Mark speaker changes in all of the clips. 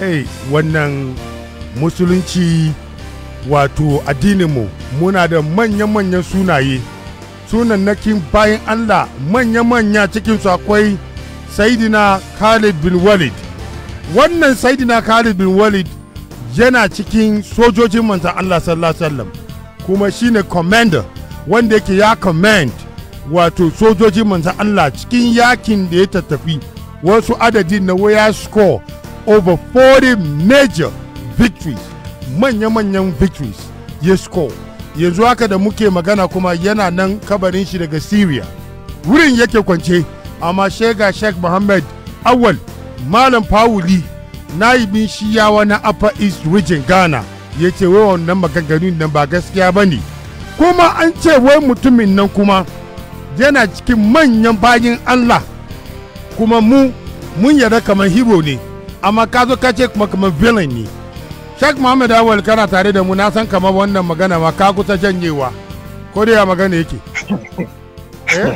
Speaker 1: hey, wannan musulunci wato addininmu muna da manya-manyan sunaye sunannakin bayan allah manya-manya cikinsu akwai saidina khalid bin walid wannan saidina khalid bin walid yana cikin sojojin manzan allah sallallahu alaihi wasallam kuma shine commander wanda yake ya command wato sojojin manzan allah cikin yakin da ya tattafi wasu adadin na waya score over 40 major victories manya-manyan victories ya score yanzu haka da muke magana kuma yana nan kabarin shi daga syria wurin yake kwance amma shega sheikh mohammed awal malam fawuli naibin shiyawa na upper east region ghana ya ce wai wannan maganganun nan ba gaskiya ba ne kuma an ce wai mutumin nan kuma yana cikin manyan bayin allah kuma mu mun yarda kamar hero ne amma ka zo ka ce kuma kamar villain ne Sheikh Muhammad Awal kana tare da mu na san kamar wannan magana ma ka kusa janyewa ko da ya magana yake
Speaker 2: eh?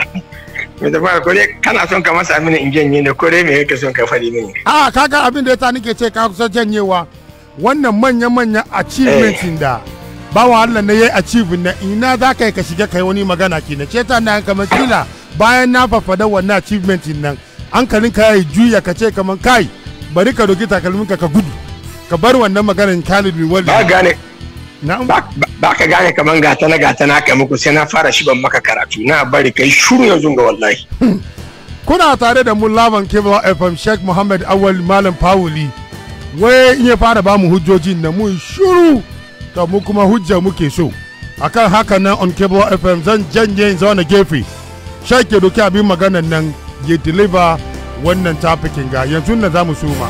Speaker 2: me da fara ko dai kana son ka masa mini in janye ne ko dai me yake son ka fadi mini
Speaker 1: a kaga abin da yasa nake ce ka kusa janyewa wannan manya manya achievement eh. da bawan Allah ne yayi achieve na ina za ka ka shiga kai wani magana ki na ce ta na kamar kila bayan na fafada wannan achievement nan an kalin ka juya ka ce kamar kai bari ka doki takalmin ka gudu ka bar wannan maganar talibin wali ba gane
Speaker 2: ba ka gane kaman gata na gata na kai muku sai na fara shi ban maka karatu na bari kai shuru yanzu ga wallahi
Speaker 1: kuna tare da mu laban kebla fm sheikh muhammad awal malam fawuli wai in ya fara ba mu hujjojin na mu shuru to mu kuma hujja muke so akan haka nan on cable fm zan janye zaune gefe gefe ya doki abin maganan nan ya deliver wannan tafikin ga yanzu na za mu suma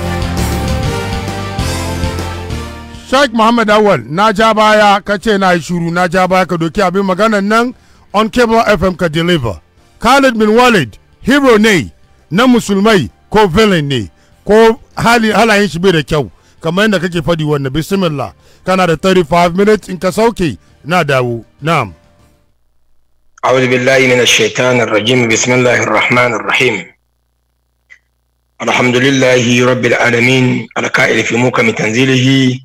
Speaker 1: Sheikh Muhammad Awal na ja baya ka ce na yi shuru na ja baya ka doki abin maganan nan on cable FM ka deliver Khalid bin Walid hero ne na musulmai ko villain ne ko halayen shi bai da kyau kamar yadda kake fadi wannan bismillah kana da 35 minutes in ka sauke
Speaker 2: na dawo na'am أعوذ بالله من الشيطان الرجيم بسم الله الرحمن الحمد لله رب العالمين القائل في موكم تنزيله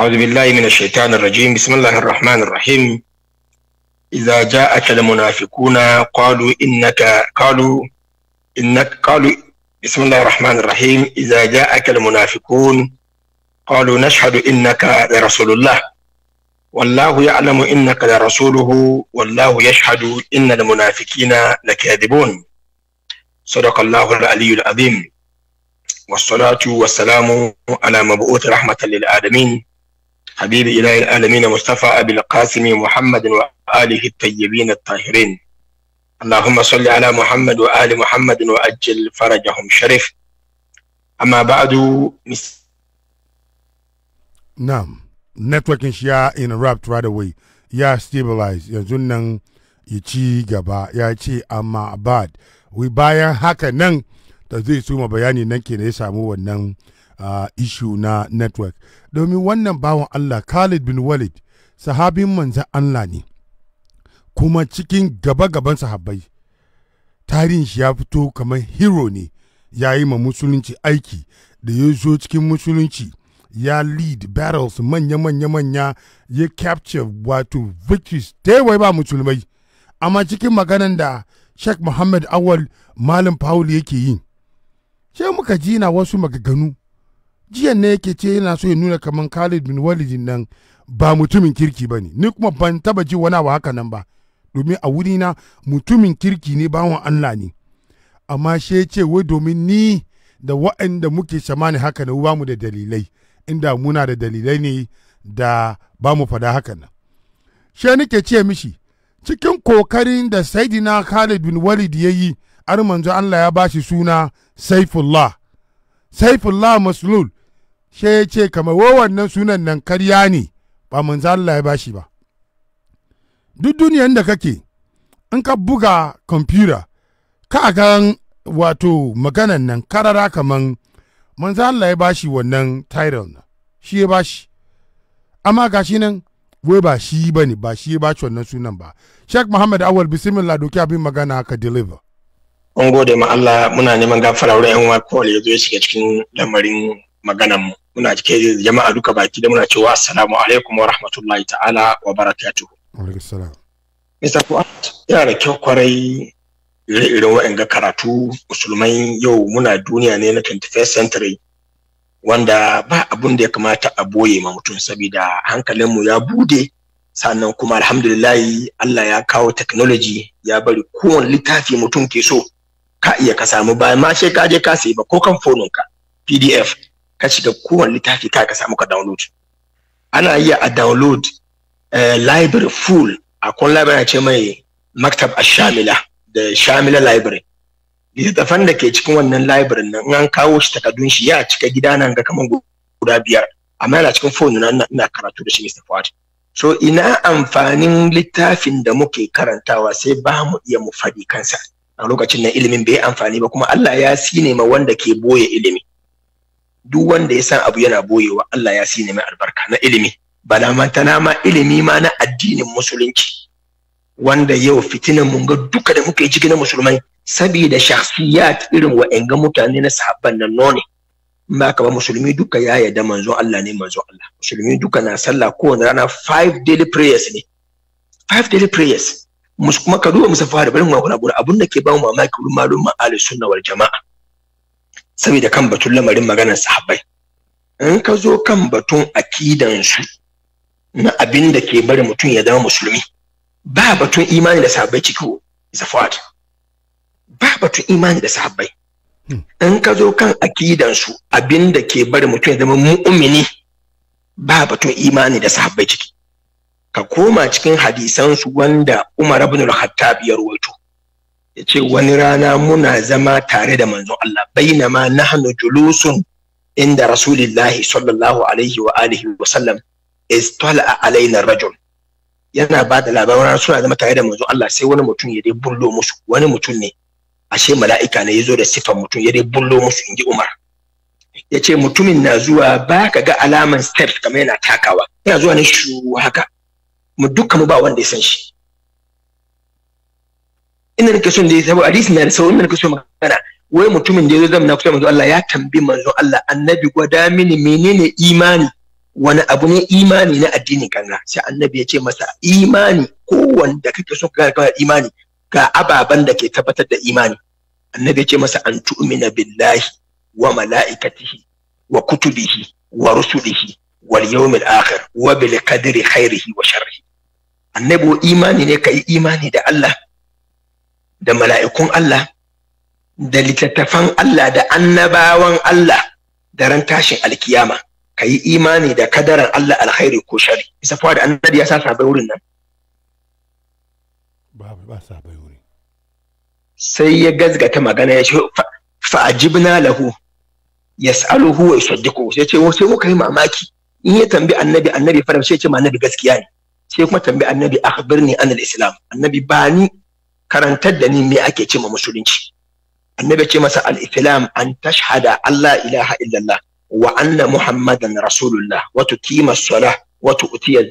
Speaker 2: أعوذ بالله من الشيطان الرجيم بسم الله الرحمن الرحيم إذا جاءك المنافقون قالوا إنك قالوا إنك قالوا بسم الله الرحمن الرحيم إذا جاءك المنافقون قالوا نشهد إنك لرسول الله والله يعلم إنك لرسوله والله يشهد إن المنافقين لكاذبون صدق الله العلي العظيم والصلاة والسلام على مبعوث رحمة للعالمين حبيب إله العالمين مصطفى أبي القاسم محمد وآله الطيبين الطاهرين اللهم صل على محمد وآل محمد وأجل فرجهم شريف أما بعد
Speaker 1: نعم networking shi ya interrupt right away ya stabilize yanzu nan ya ci gaba ya ce amma abad wai bayan haka nan da zai suma bayani nan ke ya samu wannan uh, ishu na network domin wannan bawan Allah Khalid bin Walid sahabin manzan Allah ne kuma cikin gaba-gaban sahabbai tarihin shi ya fito kamar hero ne ya yi ma musulunci aiki da ya zo cikin musulunci ya lead battles manya-manya-manya ya capture wato victories ta ba musulmai amma cikin maganan da Sheikh Muhammad Awal Malam Paul yake yi. Sai muka ji na wasu magaganu. Jiyan ne yake ce yana so ya nuna kaman Khalid bin Walid nan ba mutumin kirki ba ne, ni kuma ban taba ji wani haka nan ba, domin a wuri na mutumin kirki ne bawan Allah ne. Amma she ce wai domin ni da wa'anda muke samani haka na ba mu da dalilai, inda muna da dalilai ne da ba mu fada haka nan. She nake ce mishi, cikin kokarin da saidina khalid bin walid ya yi har manzo allah ya bashi suna saifullah saifullah maslul she ya ce kamar wannan sunan nan karya ne ba manzo allah ya bashi ba duk duniyan da kake in ka buga kwamfura ka gan wato maganan nan karara kaman manzo allah ya bashi wannan title shi ya bashi amma gashi nan wai ba shi ba ne ba shi ba ci wannan sunan ba sheikh muhammad awal bismillah doki abin magana ka deliver
Speaker 2: an gode ma Allah muna neman gafara wurin yan uwa kowal ya zo ya shiga cikin lamarin magana mu muna cike jama'a duka baki da muna cewa assalamu alaikum wa rahmatullahi ta'ala wa barakatuhu Mr. Fuad ya da kyau kwarai ire-iren waɗanga karatu musulmai yau muna duniya ne na 21st century wanda ba abun da ya kamata a boye ma mutum saboda hankalinmu ya bude sannan kuma alhamdulillahi Allah ya kawo technology ya bari kowane littafi mutum ke so ka iya ka samu bayan ma sai ka je ka sayi ba ko kan fonin ka PDF ka shiga kowane littafi ka ka samu ka download ana iya a download uh, library full akwai library ce mai maktab ashamila da shamila library littattafan da ke cikin wannan library nan in an kawo shi takardun shi ya cika gida nan ga kaman guda biyar amma yana cikin phone na ina karatu da shi Mr. Fuad so ina amfanin littafin da muke karantawa sai ba mu iya mu fadi kansa a lokacin nan ilimin bai amfani ba kuma Allah ya sine ma wanda ke boye ilimi duk wanda ya san abu yana boyewa Allah ya sine mai albarka na ilimi bala ma ilimi ma na addinin musulunci wanda yau fitinan mun ga duka da muka yi ciki na musulmai saboda shakhsiyat irin ga mutane na sahabban nan none ba ka ba musulmi duka ya yarda manzo Allah ne manzo Allah musulmi duka na sallah kowane rana five daily prayers ne five daily prayers mus kuma ka duba musa fara bari mu gura abun da ke ba mu mamaki wurin malum ma'ali sunna wal jama'a saboda kan batun lamarin maganar sahabbai in ka zo kan batun akidan su na abin da ke bari mutum ya zama musulmi ba batun imani da sahabbai ciki isa ba batun imani da sahabbai hmm. in ka zo kan akidansu su abinda ke bari mutum ya zama mu'mini ba batun imani da sahabbai ciki ka koma cikin hadisansu wanda Umar ibn al-Khattab ya rawaito ya ce wani rana muna zama tare da manzon Allah bainama nahnu julusun inda rasulullahi sallallahu alaihi wa alihi wa sallam istala alaina rajul yana ba da labarin suna zama tare da manzon Allah sai wani mutum ya dai bullo musu wani mutum ne ashe mala'ika ne ya zo da sifan mutum ya dai bullo musu inji Umar ya ce mutumin na zuwa ba ka ga alaman step kamar yana takawa yana zuwa ne shu haka mu dukkan mu ba wanda ya san shi ina nake son da saboda hadisi na da sauran ina nake son magana wai mutumin da ya zo zama na kusa manzo Allah ya tambi manzo Allah annabi gwada mini menene imani wani abu ne imani na addinin kanga sai annabi ya ce masa imani ko wanda kake so ka ga imani ga ababan da ke tabbatar da imani annabi ya ce masa an tu'mina billahi wa mala'ikatihi wa kutubihi wa rusulihi wal yawmil akhir wa bil qadri khairihi wa sharrihi annabi imani ne kai imani da Allah da mala'ikun Allah da littattafan Allah da annabawan Allah da ran tashin alkiyama ka yi imani da kadaran Allah alkhairi ko shari isa fa da annabi ya sa sabai wurin nan
Speaker 1: ba ba sabai wurin
Speaker 2: sai ya gazgata magana ya ce fa ajibna lahu yas'aluhu wa yusaddiqu sai ce oh, sai muka yi mamaki in ya tambi annabi annabi faram sai ce ma annabi gaskiya ne sai kuma tambi annabi akhbirni anil islam annabi bani karantar da ni me ake ce ma musulunci annabi ce masa al-islam an tashhada Allah ilaha illallah wa anna muhammadan rasulullah wa tuqima as-salah wa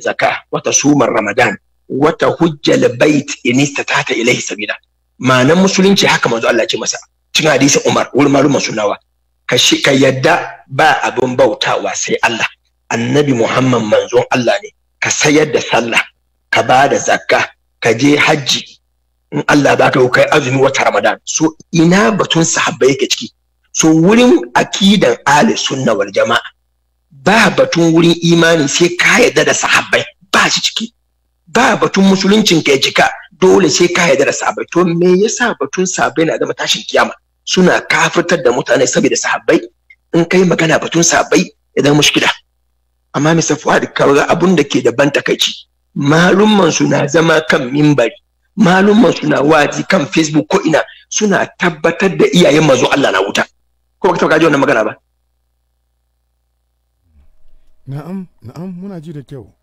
Speaker 2: Zaka, wata sumar ramadan wata tahujja al-bait in istata'ta ilayhi sabila ma'anan musulunci haka manzo Allah ce masa cin hadisin Umar wurin malum sunawa ka shi ka yadda ba abin bautawa sai Allah annabi Muhammad manzon Allah ne ka sayar da sallah ka ba da zakka ka je hajji in Allah baka kai azumi wata Ramadan so ina batun sahabbai yake ciki so wurin akidan ahli sunna wal jama'a ba batun wurin imani sai ka yarda da sahabbai ba shi ciki ba batun musuluncin ke jika dole sai ka yarda da sahabbai to me yasa batun sahabbai na zama tashin kiyama suna kafirtar da mutane saboda sahabbai in kai magana batun sahabbai ya zama mushkila amma Mr. Fuad kaga abun da ke da ban takaici malumman su na zama kan mimbari malumman su na wazi kan Facebook ko ina suna tabbatar da iyayen manzo Allah na wuta ko baka taba ji wannan magana ba
Speaker 1: na'am na'am muna ji da kyau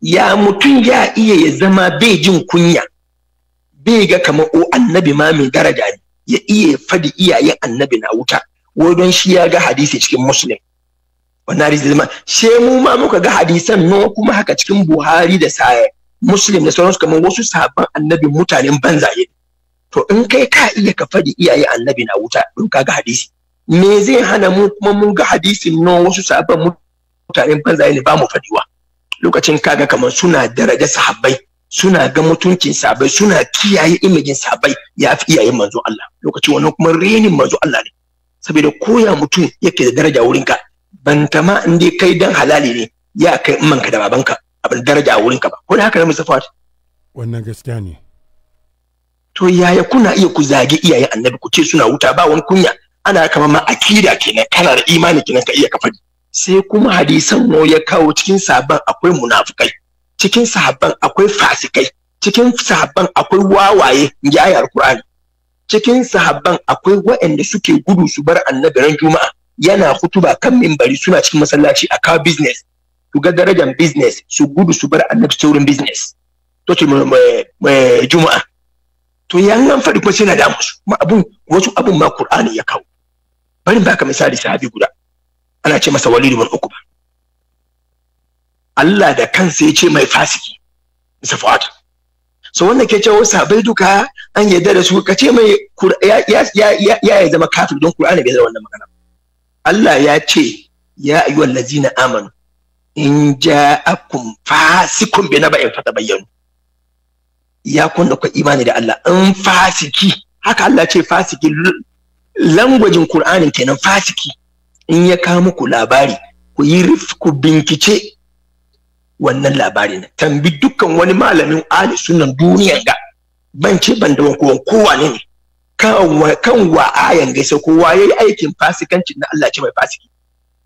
Speaker 2: ya mutum ya iya ya zama bai jin kunya bai ga kamar o annabi ma mai daraja ne ya iya faɗi iyayen annabi na wuta wai don shi ya ga hadisi cikin muslim wannan hadisi zama she mu ma muka ga hadisan no kuma haka cikin buhari da saye muslim da sauransu kamar wasu sabon annabin mutanen banza ne. to in kai ka iya ka faɗi iyaye annabi na wuta in ka ga hadisi me zai hana mu kuma mun ga hadisin no wasu sahabban mutanen banzaye ne ba mu faɗiwa lokacin kaga kamar suna daraja sahabbai suna ga mutuncin sahabbai suna kiyaye imijin sahabbai ya fi iyayen manzo Allah lokacin wannan kuma renin manzo Allah ne saboda koya mutum yake da daraja wurin ka, ban ta ma dai kai dan halali ne ya kai manka da babanka abin daraja a ka ba ko da haka ne Mustafa
Speaker 1: wannan gaskiya ne
Speaker 2: to yaya kuna iya ku zage iyayen annabi ku ce suna wuta ba wani kunya ana kama ma akida kenan kana da imani kenan ka iya ka faɗi sai kuma hadisan no ya kawo cikin sahabban akwai munafukai cikin sahabban akwai fasikai cikin sahabban akwai wawaye in ayar Qur'ani cikin sahabban akwai waɗanda suke gudu su bar annabi ran juma'a yana hutuba kan minbari suna cikin masallaci a kawo business su ga darajar business su gudu su bar annabi saurin business to ce eh, eh, juma'a to yayin an faɗi kuma sai na damu su kuma abun wasu abun ma Qur'ani ya kawo bari baka misali sahabi guda ana ce masa Walid ibn ukba Allah da kansa ya ce mai fasiki bisa so wannan ke cewa sahabai duka an yarda da su ka ce mai ya ya zama kafir don Qur'ani bai da wannan magana Allah ya ce ya ladina amanu in ja'akum fasikun bi naba'in fatabayyanu ya kunna kwa imani da Allah in fasiki haka Allah ce fasiki langwajin Qur'anin kenan fasiki in ya kawo muku labari ku yi ku binkice wannan labari na tambi dukkan wani malamin ali sunan duniya ga ban ce ban da wanko kowa ne kan wa ayan gaisa kowa yayi aikin fasikancin na Allah ce mai fasiki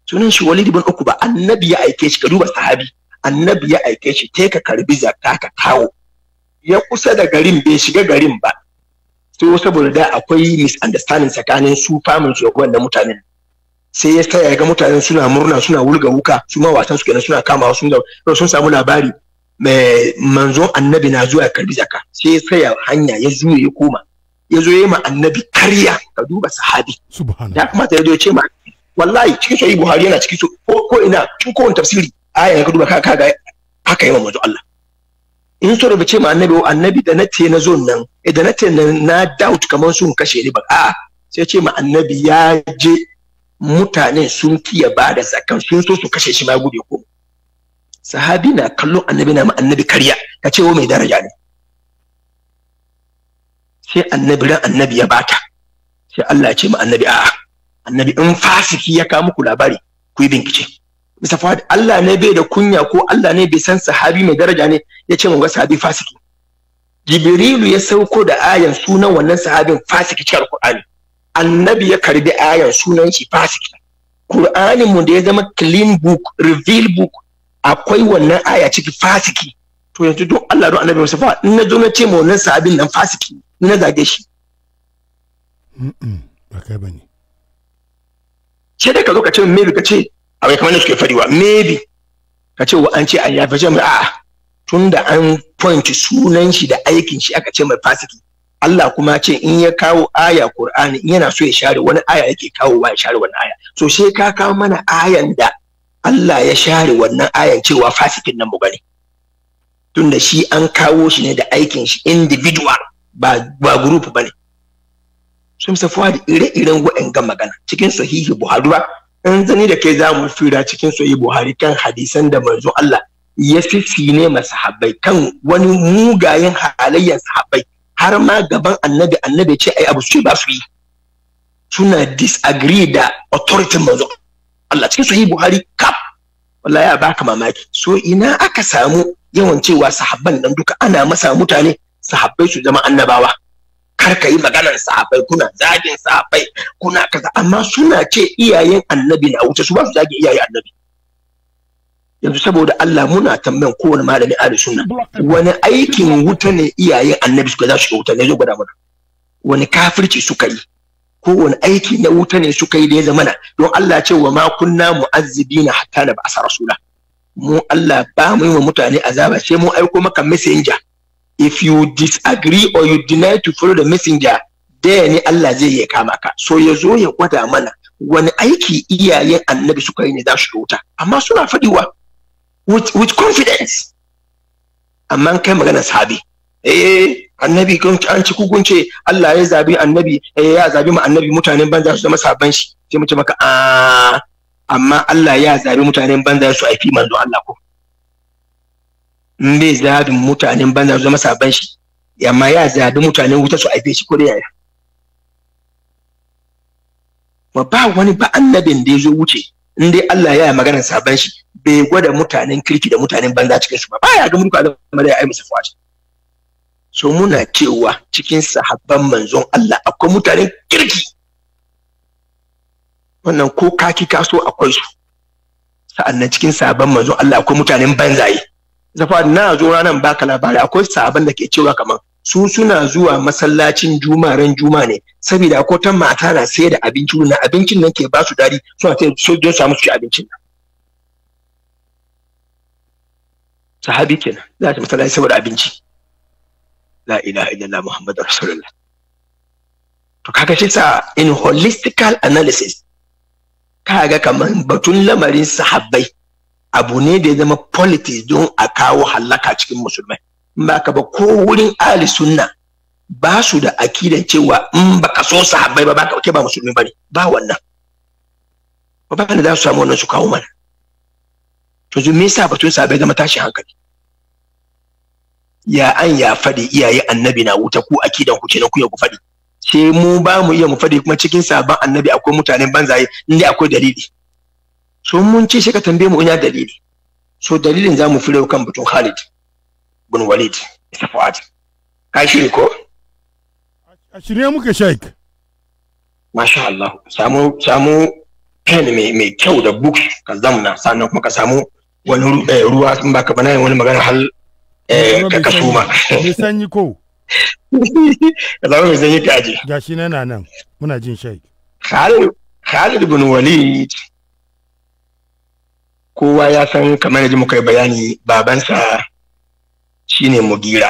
Speaker 2: sunan shi Walid ibn ba, annabi ya aike shi ka duba sahabi annabi ya aike shi take ka karbi zakka ka kawo ya kusa da garin bai shiga garin ba to saboda da akwai misunderstanding tsakanin su famin su da mutanen sai ya tsaya ya ga mutanen suna murna suna wulga wuka su ma wasan su kenan suna kama sun sun samu labari manzon annabi na zuwa karbi zaka sai ya tsaya hanya ya zuwa ya koma ya zo ya ma annabi karya ka duba sahabi ya kamata ya zo ya ma wallahi cikin sahih buhari yana cikin ko ina cikin kowane tafsiri aya ka duba ka ga haka yi ma manzo Allah in so da bace ma annabi annabi da na ce na zo nan eh, da na ce na doubt kamar sun kashe ni ba a sai ce ma annabi ya je mutane sun kiya ba da zakan sun so su kashe shi ma gube ko sahabi na kallon annabi na ma annabi kariya, ka ce mai daraja ne sai annabi ran annabi ya bata sai Allah ya ce ma annabi a annabi in fasiki ya kawo muku labari ku yi bincike Mr. Fahad, Allah ne bai da kunya ko Allah ne bai san sahabi mai daraja ne ya ce ga sahabi fasiki. Jibrilu ya sauko da ayan sunan wannan sahabin fasiki cikin Qur'ani. Annabi ya karbi ayan sunan shi fasiki. Qur'anin mu da ya zama clean book, reveal book akwai wannan aya ciki fasiki. To yanzu don Allah don Annabi Mustafa in na zo na ce ma wannan sahabin nan fasiki ni na zage shi. Ba kai bane. Sai da ka zo ka ce mai ka ce abai kamar da suke fadiwa maybe ka ce wa an ce an yafe ce mai a'a tunda an point sunan shi da aikin shi aka ce mai fasiki Allah kuma ce in ya kawo aya Qur'ani in yana so ya share wani aya yake kawo wa ya share wannan aya so sai ka kawo mana ayan da Allah ya share wannan ayan cewa fasikin nan mu gani tunda shi an kawo shi ne da aikin shi individual ba ba group bane sun safuwa da ire-iren wa'in magana cikin sahihi Buhari ba in zani da kai za mu fira cikin soyi buhari kan hadisan da manzo Allah ya fi ne sahabai kan wani mugayen halayyar sahabbai har ma gaban annabi annabi ce ai abu su ba su yi suna disagree da authority manzo Allah cikin soyi buhari kap wallahi ya baka mamaki so ina aka samu yawan cewa sahabban nan duka ana masa mutane sahabbai su zama annabawa kar ka yi maganar sahabbai kuna zagin sahabbai kuna kaza amma suna ce iyayen annabi na wuce su ba su zagin iyayen annabi yanzu saboda Allah muna tambayan kowane malami ahli sunna wani aikin wuta ne iyayen annabi suka za su wuta ne zo gwada mana wani kafirci suka yi Ko wani aiki na wuta ne suka yi da ya zamana don Allah ce wa ma kunna mu'azzibina hatta na ba'asa rasula mu Allah ba mu yi wa mutane azaba sai mu aiko maka messenger if you disagree or you deny to follow the messenger daya ne Allah zai iya kama ka so ya zo ya gwada mana wani aiki iyayen annabi suka yi ne za su wuta amma suna faɗiwa with, with confidence amma kai magana sabi eh annabi an ci kugunce Allah ya zabi annabi eh ya zabi mu annabi mutanen banza su zama sabon shi sai mu ce maka a ah. amma Allah ya zabi mutanen banza su aifi manzo Allah ko mai zabin mutanen banza zama saban shi amma ya zabi mutanen wuta su aife shi kuri ya ma ba wani ba annabin da ya zo wuce in dai Allah ya yi magana saban shi bai gwada mutanen kirki da mutanen banza cikin su ba ba ya ga mulku azama da ya yi musu fashi so muna cewa cikin sahabban manzon Allah akwai mutanen kirki wannan ko kaki kaso akwai su sa'annan cikin sahabban manzon Allah akwai mutanen banzaye zafa na zo ranar baka labari akwai sabon da ke cewa kamar su suna zuwa masallacin juma ran juma ne saboda akwai ta mata na sayar da abinci na abincin nan ke ba su dadi suna sai su samu su abincin nan sahabi kenan za ta masallaci saboda abinci la ilaha illallah muhammadu rasulullah to kaga shi sa in holistical analysis kaga kamar batun lamarin sahabbai abu ne da ya zama politics don a kawo hallaka cikin musulmai in ba ka ba ko wurin Ali sunna ba su da akidan cewa in ba ka so sahabbai ba ba ka ba musulmi bane ba wannan ba ba za su samu wannan su kawo mana to yanzu me yasa batun zama tashi hankali ya an ya faɗi iyaye annabi na wuta ku akidan ku kenan ku ya ku faɗi sai mu ba mu iya mu faɗi kuma cikin sabon annabi akwai mutanen banzaye in akwai dalili so mun ce shi ka tambaye mu ina dalili so dalilin za mu fi kan batun Khalid bin Walid ita Fuad ka shiri ko a shirye muke Sheikh masha Allah samu samu pen mai mai kyau da book ka zamna sannan kuma ka samu wani eh, ruwa in baka bana wani magana hal eh, ka kaso ma mai sanyi ko ka zama mai
Speaker 1: sanyi ka aje gashi nan nan muna jin Sheikh
Speaker 2: Khalid Khalid bin Walid kowa ya san kamar yadda muka yi bayani babansa shine mugira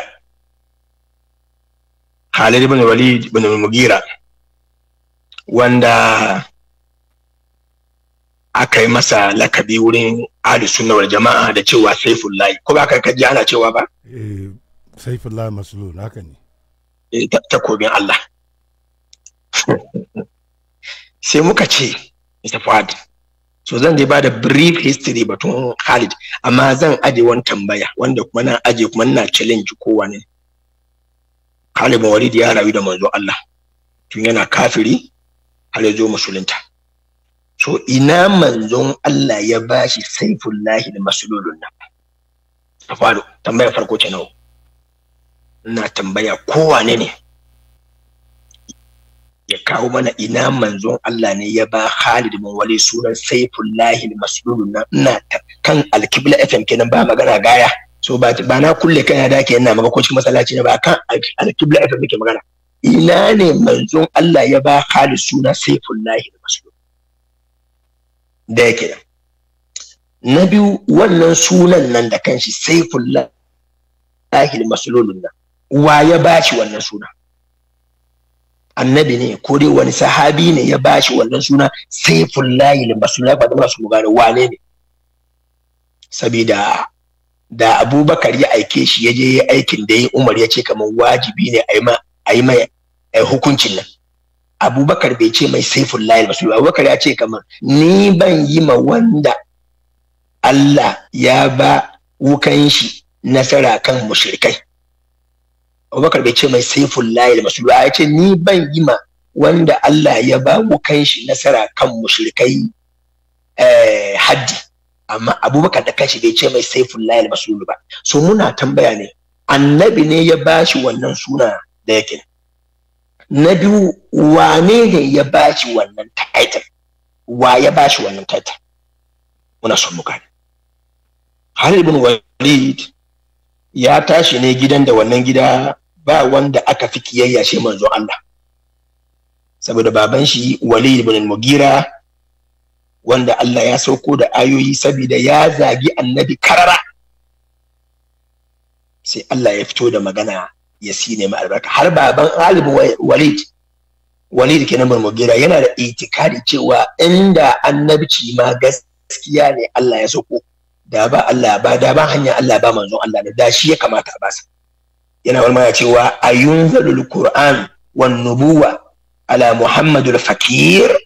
Speaker 2: Khalid ibn Walid ibn Mugira wanda aka yi masa lakabi wurin ahli sunna wal jama'a da cewa saifullahi ko ba ka kaji ana cewa ba
Speaker 1: eh saifullahi maslul haka ne
Speaker 2: eh takobin Allah sai muka ce Mr. Fuad so zan dai bada brief history batun Khalid amma zan aje wani tambaya wanda kuma na aje kuma ina challenge kowa Khalid bin Walid ya rayu da manzo Allah tun yana kafiri har ya zo musulunta so ina manzon Allah ya bashi saifullahi da masululun nan a faro tambayar farko ce nawa ina tambaya kowa ne ne ya kawo mana ina manzon Allah ne ya ba Khalid bin Walid sunan Saifullahi al-Maslul na ina kan Al-Qibla FM kenan ba magana gaya so ba ba na kulle kan ya dake ina maka ko cikin masallaci ne ba kan Al-Qibla FM nake magana ina ne manzon Allah ya ba Khalid suna Saifullahi al-Maslul da yake na biyu wannan sunan nan da kanshi Saifullahi al-Maslul wa ya bashi wannan sunan annabi ne ko dai wani sahabi ne ya bashi wannan suna saiful ne basu ba da su gane wane ne sabida da abubakar ya aike shi ya je aikin da ya umar ya ce kamar wajibi ne a yi mai hukuncin nan abubakar bai ce mai saifullahi ba. abubakar ya ce kamar ni ban yi ma wanda Allah ya ba wukan shi nasara kan mushrikai Abubakar bai ce mai saiful layil masu ya ce ni ban yi ma wanda Allah ya ba mu kanshi nasara kan mushrikai eh, haddi amma abubakar da kanshi bai ce mai saiful layil masu ba so muna tambaya ne annabi ne ya bashi wannan suna da yake na biyu wane ne ya bashi wannan title wa ya bashi wannan title muna son muka ne. Khalid Walid ya tashi ne gidan da wannan gida ba wanda aka fi kiyayya shi manzo Allah saboda baban shi Walid ibn Mugira, wanda Allah ya sauko da ayoyi saboda ya zagi annabi karara sai Allah ya fito da magana ya sine ma albarka har baban Alibu Walid Walid kenan bin Mugira, yana da itikadi cewa inda annabci ma gaskiya ne Allah ya sauko da ba Allah ba da ba hanya Allah ba manzon Allah da shi ya kamata a basa yana wani mana cewa ayunzalul qur'an wan nubuwa ala muhammadul fakir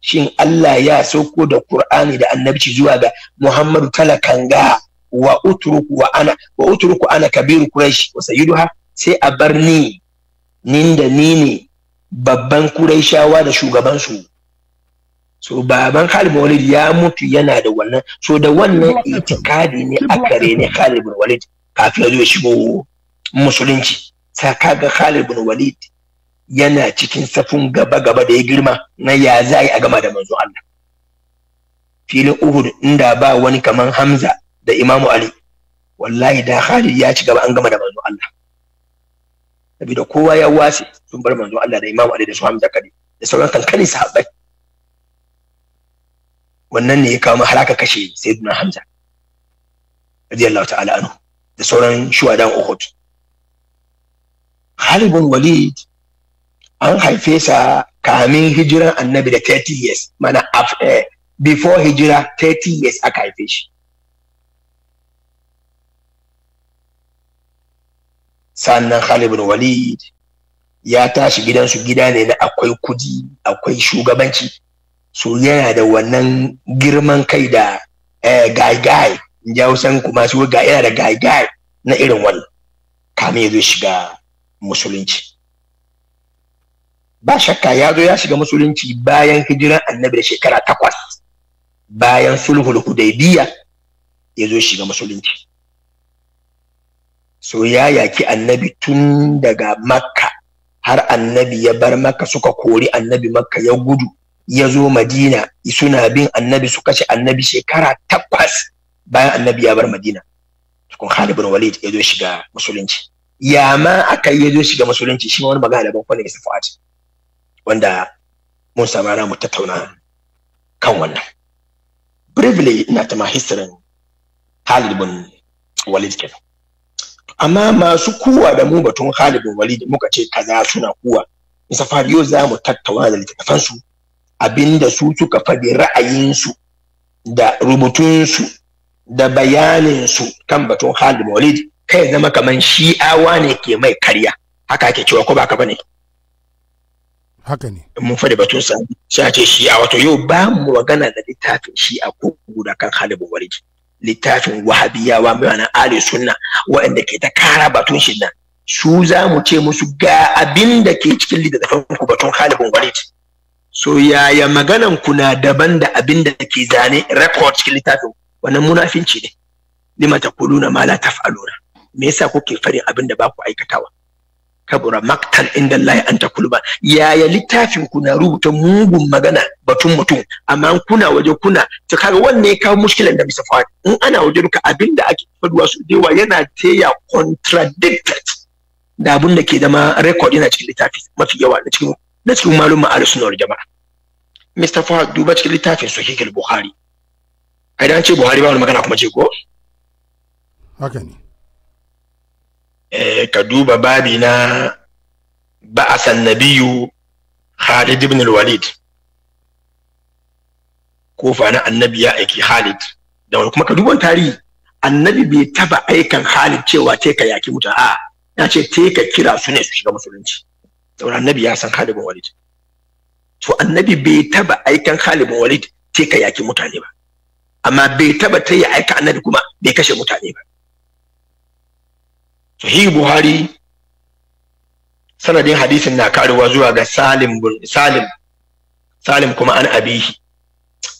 Speaker 2: shin Allah ya sauko da qur'ani da annabci zuwa ga muhammadu ga wa utruku wa ana wa utruku ana kabiru quraish wa sayyiduha sai a bar ni nin da ni ne babban quraishawa da shugabansu so baban Khalid bin Walid ya mutu yana da wannan so da wannan itikadi ne kare rene Khalid bin Walid kafin ya zo shigo musulunci sai kaga Khalid bin Walid yana cikin safun gaba-gaba da ya girma na ya zai a gama da manzo Allah filin Uhud inda ba wani kaman Hamza da Imam Ali wallahi da Khalid ya ci gaba an gama da manzo Allah saboda kowa ya wasi sun bar manzo Allah da Imam Ali da su Hamza kadi da sauran kankani sahabbai wannan ne ya kawo halaka kashe Sayyidina Hamza radiyallahu ta'ala anhu da sauran shuwadan Uhud halibin Walid an haife sa kamin hijiran annabi da 30 years mana after, eh, before hijira 30 years aka haife shi. Sannan halibin Walid ya tashi gidansu gida ne na akwai kudi akwai shugabanci so yana da wannan girman kai da eh, gai in kumasu kuma su ga yana da gai-gai na irin wannan kamin ya zo shiga musulunci ba shakka ya zo ya shiga musulunci bayan hijiran annabi da shekara takwas bayan sulhul hudaybiya ya zo shiga musulunci so ya yaki annabi tun daga makka har annabi ya bar makka suka kori annabi makka ya gudu ya zo madina suna bin annabi suka kashe annabi shekara takwas bayan annabi ya bar madina tukun halibin walid ya zo shiga musulunci ya ma aka yi zo shiga musulunci shi wani magana daban kwanan isa fuad wanda mun samu rana mu tattauna kan wannan briefly ina ta ma history Khalid bin Walid ke amma masu kuwa da mu batun Khalid bin Walid muka ce kaza suna kuwa isa fuad yau za mu tattauna da littattafan su abinda su suka faɗi ra'ayinsu da rubutunsu da bayaninsu kan batun Khalid bin Walid kai zama kaman shi'awa ne ke mai karya haka ake cewa ko baka bane haka ne mun fadi batun sa sai a ce awa to yau ba mu magana da littafin shi'a ko guda kan halibu warji littafin wahabiyawa mai ali sunna waɗanda ke ta kara batun shi nan su za mu ce musu ga abin da ke cikin littattafan ku batun halibin warji so yaya maganan ku na daban da abin da ke zane record cikin littafin wannan munafinci ne lima kuluna ma la taf'aluna me yasa kuke farin abin da baku ku aikatawa kabura maktan inda Allah an takuluba yaya littafin ku na rubuta mugun magana batun mutum amma kuna waje kuna to kaga wanne ya kawo mushkilan da bisa fadi in ana waje duka abin da ake faduwa su dewa yana taya contradicted da abin da ke zama record yana cikin littafi mafi yawa na cikin na cikin malum ma'al sunan jama'a Mr. Fahad duba cikin littafin Sahih al-Bukhari ai dan ce Buhari ba wani magana kuma ce ko haka ne Eh, ka duba babi na ba'asan nabiyu Khalid ibn al-Walid ko fa na annabi ya aiki Khalid da kuma ka duba tarihi annabi bai taba aikan Khalid cewa te ka yaki muta a ya ce te ka kira su ne su shiga musulunci saboda annabi ya san Khalid ibn Walid to annabi bai taba aikan Khalid ibn Walid te ka yaki mutane ba amma bai taba ta yi aika annabi kuma bai kashe mutane ba sahih buhari sanadin hadisin na karuwa zuwa ga salim salim salim kuma an abihi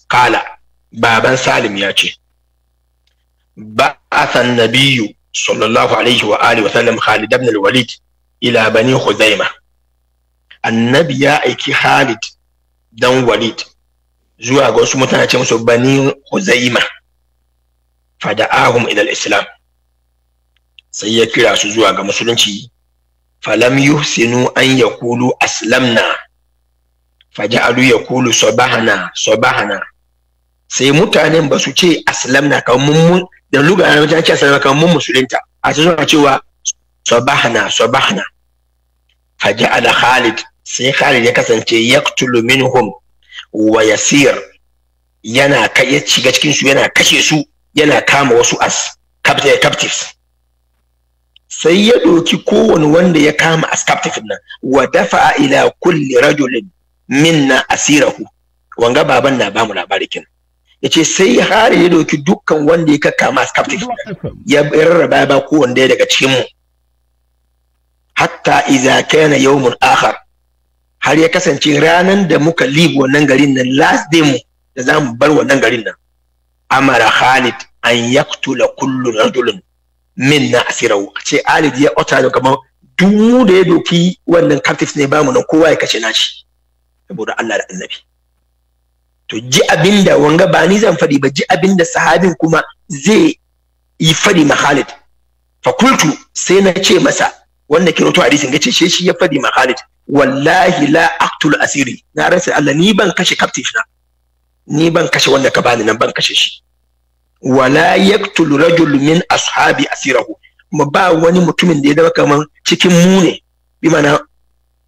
Speaker 2: kala baban salim ya ce ba'atha nabiyyu sallallahu alaihi wa alihi wa sallam Khalid ibn al-Walid ila bani Khuzaima annabi ya aiki Khalid dan Walid zuwa ga wasu mutane ce musu bani Khuzaima fada'ahum ila al-Islam sai ya kira su zuwa ga musulunci falam yuhsinu an yaqulu aslamna faja'alu yaqulu subhana subhana sai mutanen ba su ce aslamna kamar mun da lugar da mutane ce aslamna kamar mun musulunta a su suna cewa subhana subhana faja'ala khalid sai khalid ya kasance yaqtulu minhum wa yasir yana ya shiga cikin su yana kashe su yana kama wasu as captives sai ya ɗauki kowane wanda ya kama a nan wa dafa ila kulli rajulin minna asirahu wanga baban na bamu labarikin ya ce sai ya har ya ɗauki dukkan wanda ya kama a nan, ya rarraba ba kowanne daga cikin mu hatta iza kana yawmun akhar har ya kasance ranar da muka leave wannan garin nan last day mu da zamu bar wannan garin nan amara Khalid an yaktula kullu rajulin min na asirau a ce alid ya ota ne kamar dumu da ya doki wannan captives ne bamu nan kowa ya kashe nashi saboda Allah da annabi to ji abinda wanga ba ni zan faɗi ba ji abinda sahabin kuma zai yi faɗi ma Khalid fa kultu sai na ce masa wanda ke rawaito hadisin gace she shi ya fadi ma Khalid wallahi la aqtul asiri na rasa Allah ni ban kashe captive na ni ban kashe wanda ka bani nan ban kashe shi wala yaktul rajul min ashabi asirahu kuma ba wani mutumin da ya zama kamar cikin mu ne bi mana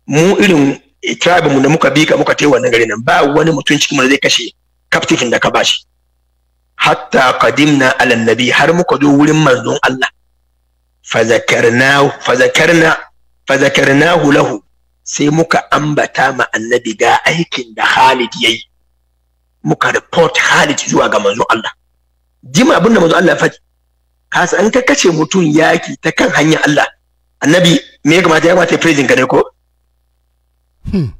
Speaker 2: mu irin tribe mu da muka bi ka muka tai wannan gari nan ba wani mutum cikin mu zai kashe captive da ka bashi hatta qadimna ala nabi har muka zo wurin manzon Allah fazakarnahu fazakarna fazakarnahu lahu sai muka ambata ma annabi ga aikin da Khalid yayi muka report Khalid zuwa ga manzon Allah jima abin da Allah ya faɗi kasa an ka kace mutum yaki ta kan hanyar Allah annabi me ya kamata ya kamata praising ka ne ko hmm.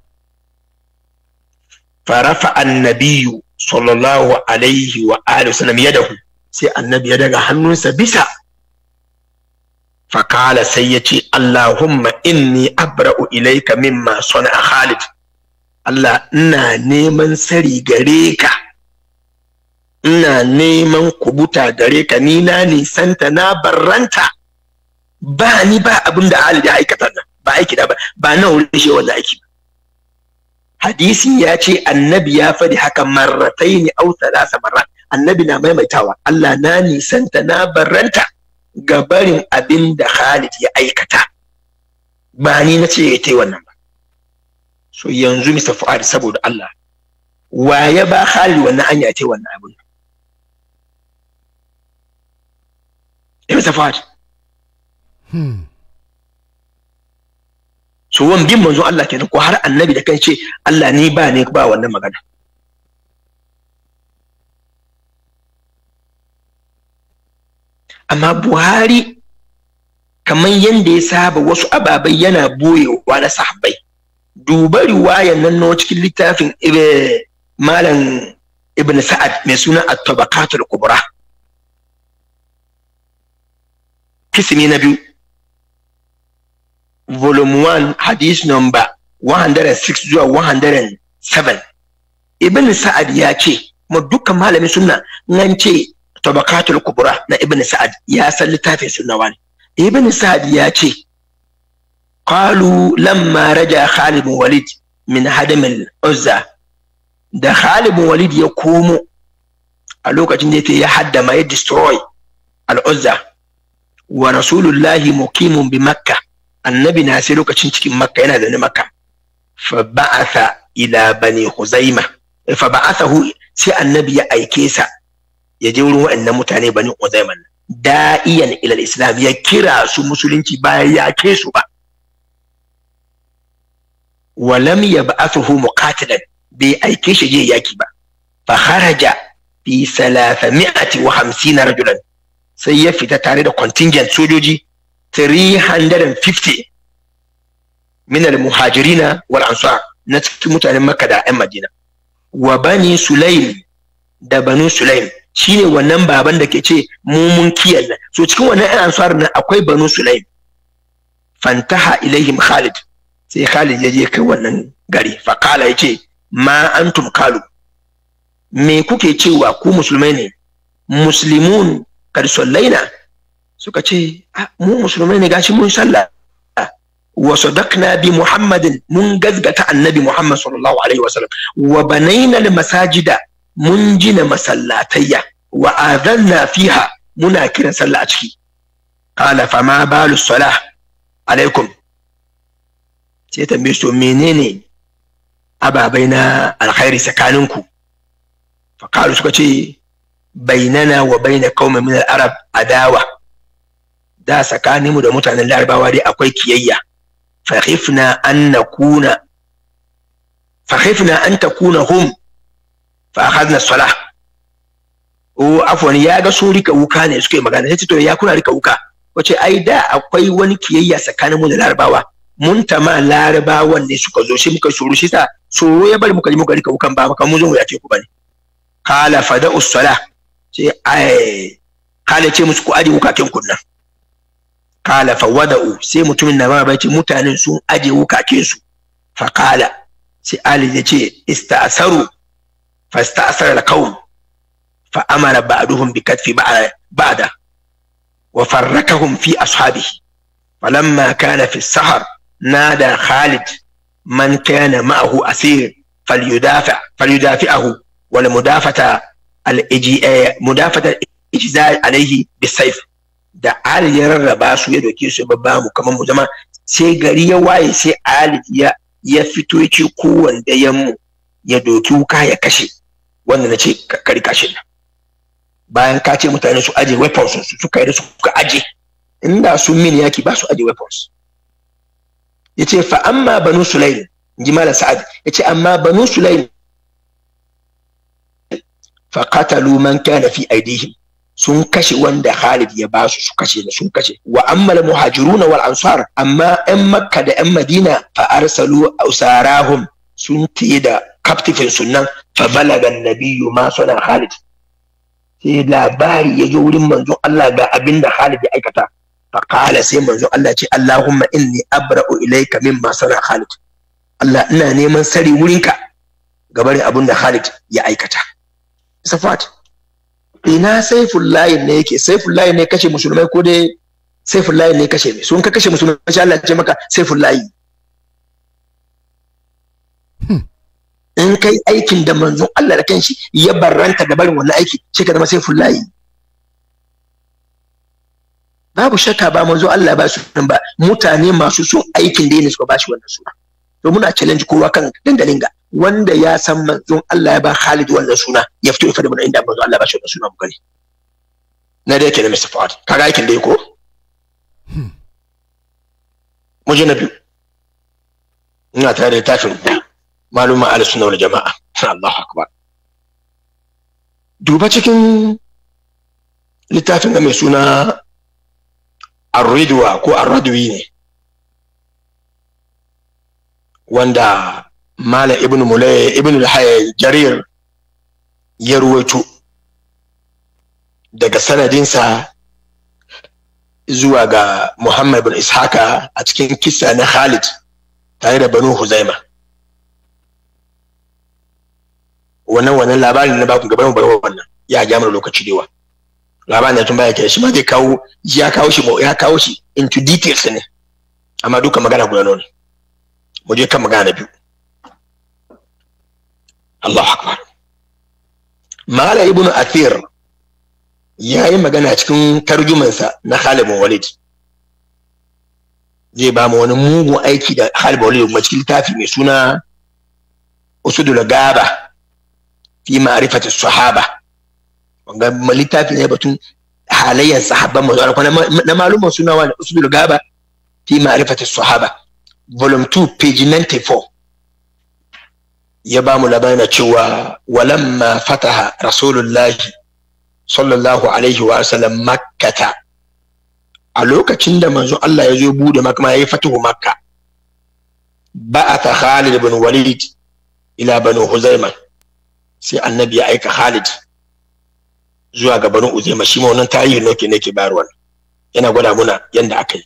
Speaker 2: farafa annabiyu sallallahu alaihi wa alihi wasallam yadahu sai annabi ya daga hannunsa bisa fakala sai ya ce Allahumma inni abra'u ilaika mimma sana'a Khalid Allah ina neman sari gare ka ina neman kubuta gare ka ni na nisanta na barranta ba ni ba abin da Ali ya aikata nan ba aiki da ba ba nan wurin shi wannan aiki hadisi ya ce annabi ya faɗi haka marratai ne au talasa marrat annabi na maimaitawa Allah na nisanta na barranta ga barin abin da Khalid ya aikata ba ni na ce ya yi wannan ba so yanzu Mr. Fuad saboda Allah wa ya ba Khalid wannan hanya ya ce wannan abin mr fahad hmm. so wan bin manzo Allah kenan ko har annabi da kan ce Allah ni ba ne ba wannan magana amma Buhari kamar yadda ya saba wasu ababai yana boyewa na sahabbai duba riwayan nan na cikin littafin eh, malam ibn sa'ad mai suna at-tabaqatul kubra kisimi na biyu volume 1 hadith number 106 zuwa 107 ibn sa'ad ya ce mu dukkan malamin sunna nan ce tabakatul kubra na ibn sa'ad ya san littafin sunna wani ibn sa'ad ya ce qalu lamma raja khalid bin walid min hadam al-uzza da khalid bin walid ya komo a lokacin da ya haddama ya destroy al-uzza wa rasulullahi muqimun bi makka annabi na sai lokacin cikin makka yana da ni makka fa ba'atha ila bani huzaima fa ba'athahu sai annabi ya aike sa ya je wurin wa'annan mutane bani huzaima da'iyan ila islam ya kira su musulunci bayan ya ke su ba lam yab'athu muqatilan bai aike shi je yaki ba fa kharaja fi 350 rajulan sai ya fita tare da contingent sojoji 350 Minar muhajirina wal ansar na cikin mutanen makka da 'yan madina wa bani sulaim da banu sulaim shine wannan baban da ke ce mu mun kiyan so cikin wannan 'yan ansar na akwai banu sulaim fantaha ilaihim khalid sai khalid ya je kai wannan gari fakala ya ce ma antum kalu me kuke cewa ku musulmai ne muslimun kad sallaina suka ce ah, mu musulmai ne gashi mun sallah wa sadaqna bi muhammadin mun gazgata annabi muhammad sallallahu alaihi wasallam wa banaina al masajida mun gina masallatayya wa adanna fiha muna kiran sallah a ciki qala fa ma balu salah alaikum sai tambaye su menene ababai na alkhairi tsakaninku fa suka ce bainana wa baina qaumi min al-arab adawa da tsakanin mu da mutanen larabawa dai akwai kiyayya fa khifna an nakuna fa khifna an takuna hum fa akhadna salah o afwan ya ga su rika wuka ne suke magana sai to ya kuna rika wuka wace ai da akwai wani kiyayya tsakanin mu da larabawa mun ta ma larabawan ne suka zo shi muka shuru shi ta tsoro ya bar muka yi muka rika wukan ba muka mun zo mu yace ku bane qala fada'us salah sai ai kala ce musu ku aje wukaken kunna kala fa wada'u sai mutumin na ma ce mutanen sun aje wukaken su fa kala sai ali ya ce ista'asaru fa ista'asara al-qawm fa amara ba'duhum bi katfi ba'da wa farrakahum fi ashabihi falamma kana fi sahar nada khalid man kana ma'ahu asir falyudafa falyudafi'ahu wal mudafata Eh, mudafatar ijiza alaihi bisaif da Ali ya rarraba su ya doke su babba mu kamar mu zama sai gari ya waye sai Ali ya ya fito ya ce kowanda yanmu ya doki wuka ya kashe wanda na ce kari kashe nan bayan ka ce mutane su aje weapons su suka yi da su ka aje inda sun min yaki ba su aje weapons ya ce fa amma banu sulaim in ji malam sa'ad ya ce amma banu sulaim fa qatalu man kana fi aidihim sun kashe wanda Khalid ya ba su su kashe da sun kashe wa ammal muhajiruna wal ansar amma yan makka da yan madina fa arsalu ausarahum sun tiye da captifin sunan fa balaga nabiyyu ma suna Khalid sai labari ya je wurin manzon Allah ga abinda Khalid ya aikata fa qala sai manzon Allah ce Allahumma inni abra'u ilayka mimma sana Khalid Allah ina neman sari wurinka Gaba abin da Khalid ya aikata safat ina saiful layin ne yake saiful layin ne kashe musulmai ko dai saiful layin ne kashe mai sun ka kashe musulmai sai Allah ce maka saiful layi hmm. in kai aikin da manzon Allah da kanshi ya barranta da barin wannan aiki sai ka zama saiful layi babu shakka ba manzo Allah ba su ba mutane masu son aikin da ne su ba shi wannan suna to muna challenge kowa kan dinga dinga wanda ya san manzon Allah ya ba Khalid wannan suna ya fito fa da mun inda manzon Allah ba shi wannan suna mu na na yake kenan Mr. Fuad kaga yake dai ko mu je na biyu ina tare da tashin maluma ala sunna wal jama'a Allahu akbar duba cikin littafin da mai suna arridwa ko arradwi ne wanda mala ibn mulay ibn jarir ya ruwaito daga sanadinsa zuwa ga muhammad ibn ishaqa a cikin kisa na khalid tare da banu huzaima wannan wannan labarin na bakun gaban bar wannan ya gyamar lokaci dewa labarin da tun baya ke shi ma zai kawo ya kawo shi ya kawo shi into details ne amma duka magana guda ne mu je kan magana biyu Allahu akbar mala ibn athir ya yi magana cikin tarjumansa na Khalid bin Walid zai ba mu wani mugun aiki da Khalid bin Walid kuma cikin littafi mai suna Usudul Gaba fi ma'rifati sahaba wanga littafi ne batun halayyar sahabban mu na malumin suna wa Usudul Gaba fi ma'rifati sahaba volume 2 page 94 ya ba mu labarin cewa walamma fataha rasulullahi sallallahu alaihi wa sallam makkata a lokacin da manzo Allah ya zo bude makka ya yi fatuhu makka ta Khalid ibn Walid ila banu Huzaima sai annabi ya aika Khalid zuwa ga banu Huzaima shi ma wannan tarihi nake nake bayarwa yana gwada muna yanda akai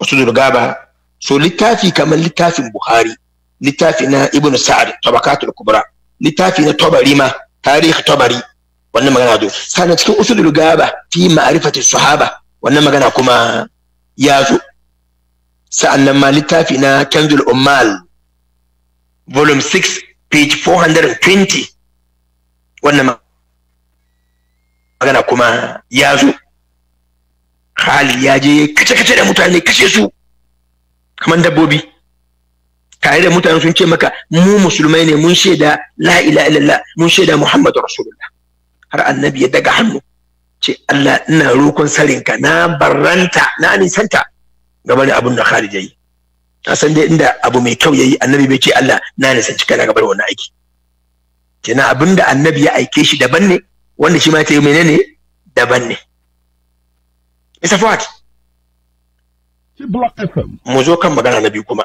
Speaker 2: wasu durgaba so littafi kamar littafin Buhari. littafi na ibn sa'ad tabakatul kubra littafi na tabari ma tarihi tabari wannan magana zo sannan cikin usulul gaba fi ma'rifati sahaba wannan magana kuma ya zo sa'annan ma littafi na kanzul ummal volume 6 page 420 wannan magana kuma ya zo hali ya je kace-kace da mutane kashe su kamar dabbobi tare da mutane sun ce maka mu musulmai ne mun shaida la ilaha illallah mun shaida muhammadu rasulullah har annabi ya daga hannu ce Allah ina rokon sarinka na barranta na nisanta gaba da abun da Khalid yayi na san dai inda abu mai kyau yayi annabi bai ce Allah na nisanci kana gabar wannan aiki kina abin da annabi ya aike shi daban ne wanda shi ma ta yi menene daban ne Isa Fuad Mu zo kan magana na biyu kuma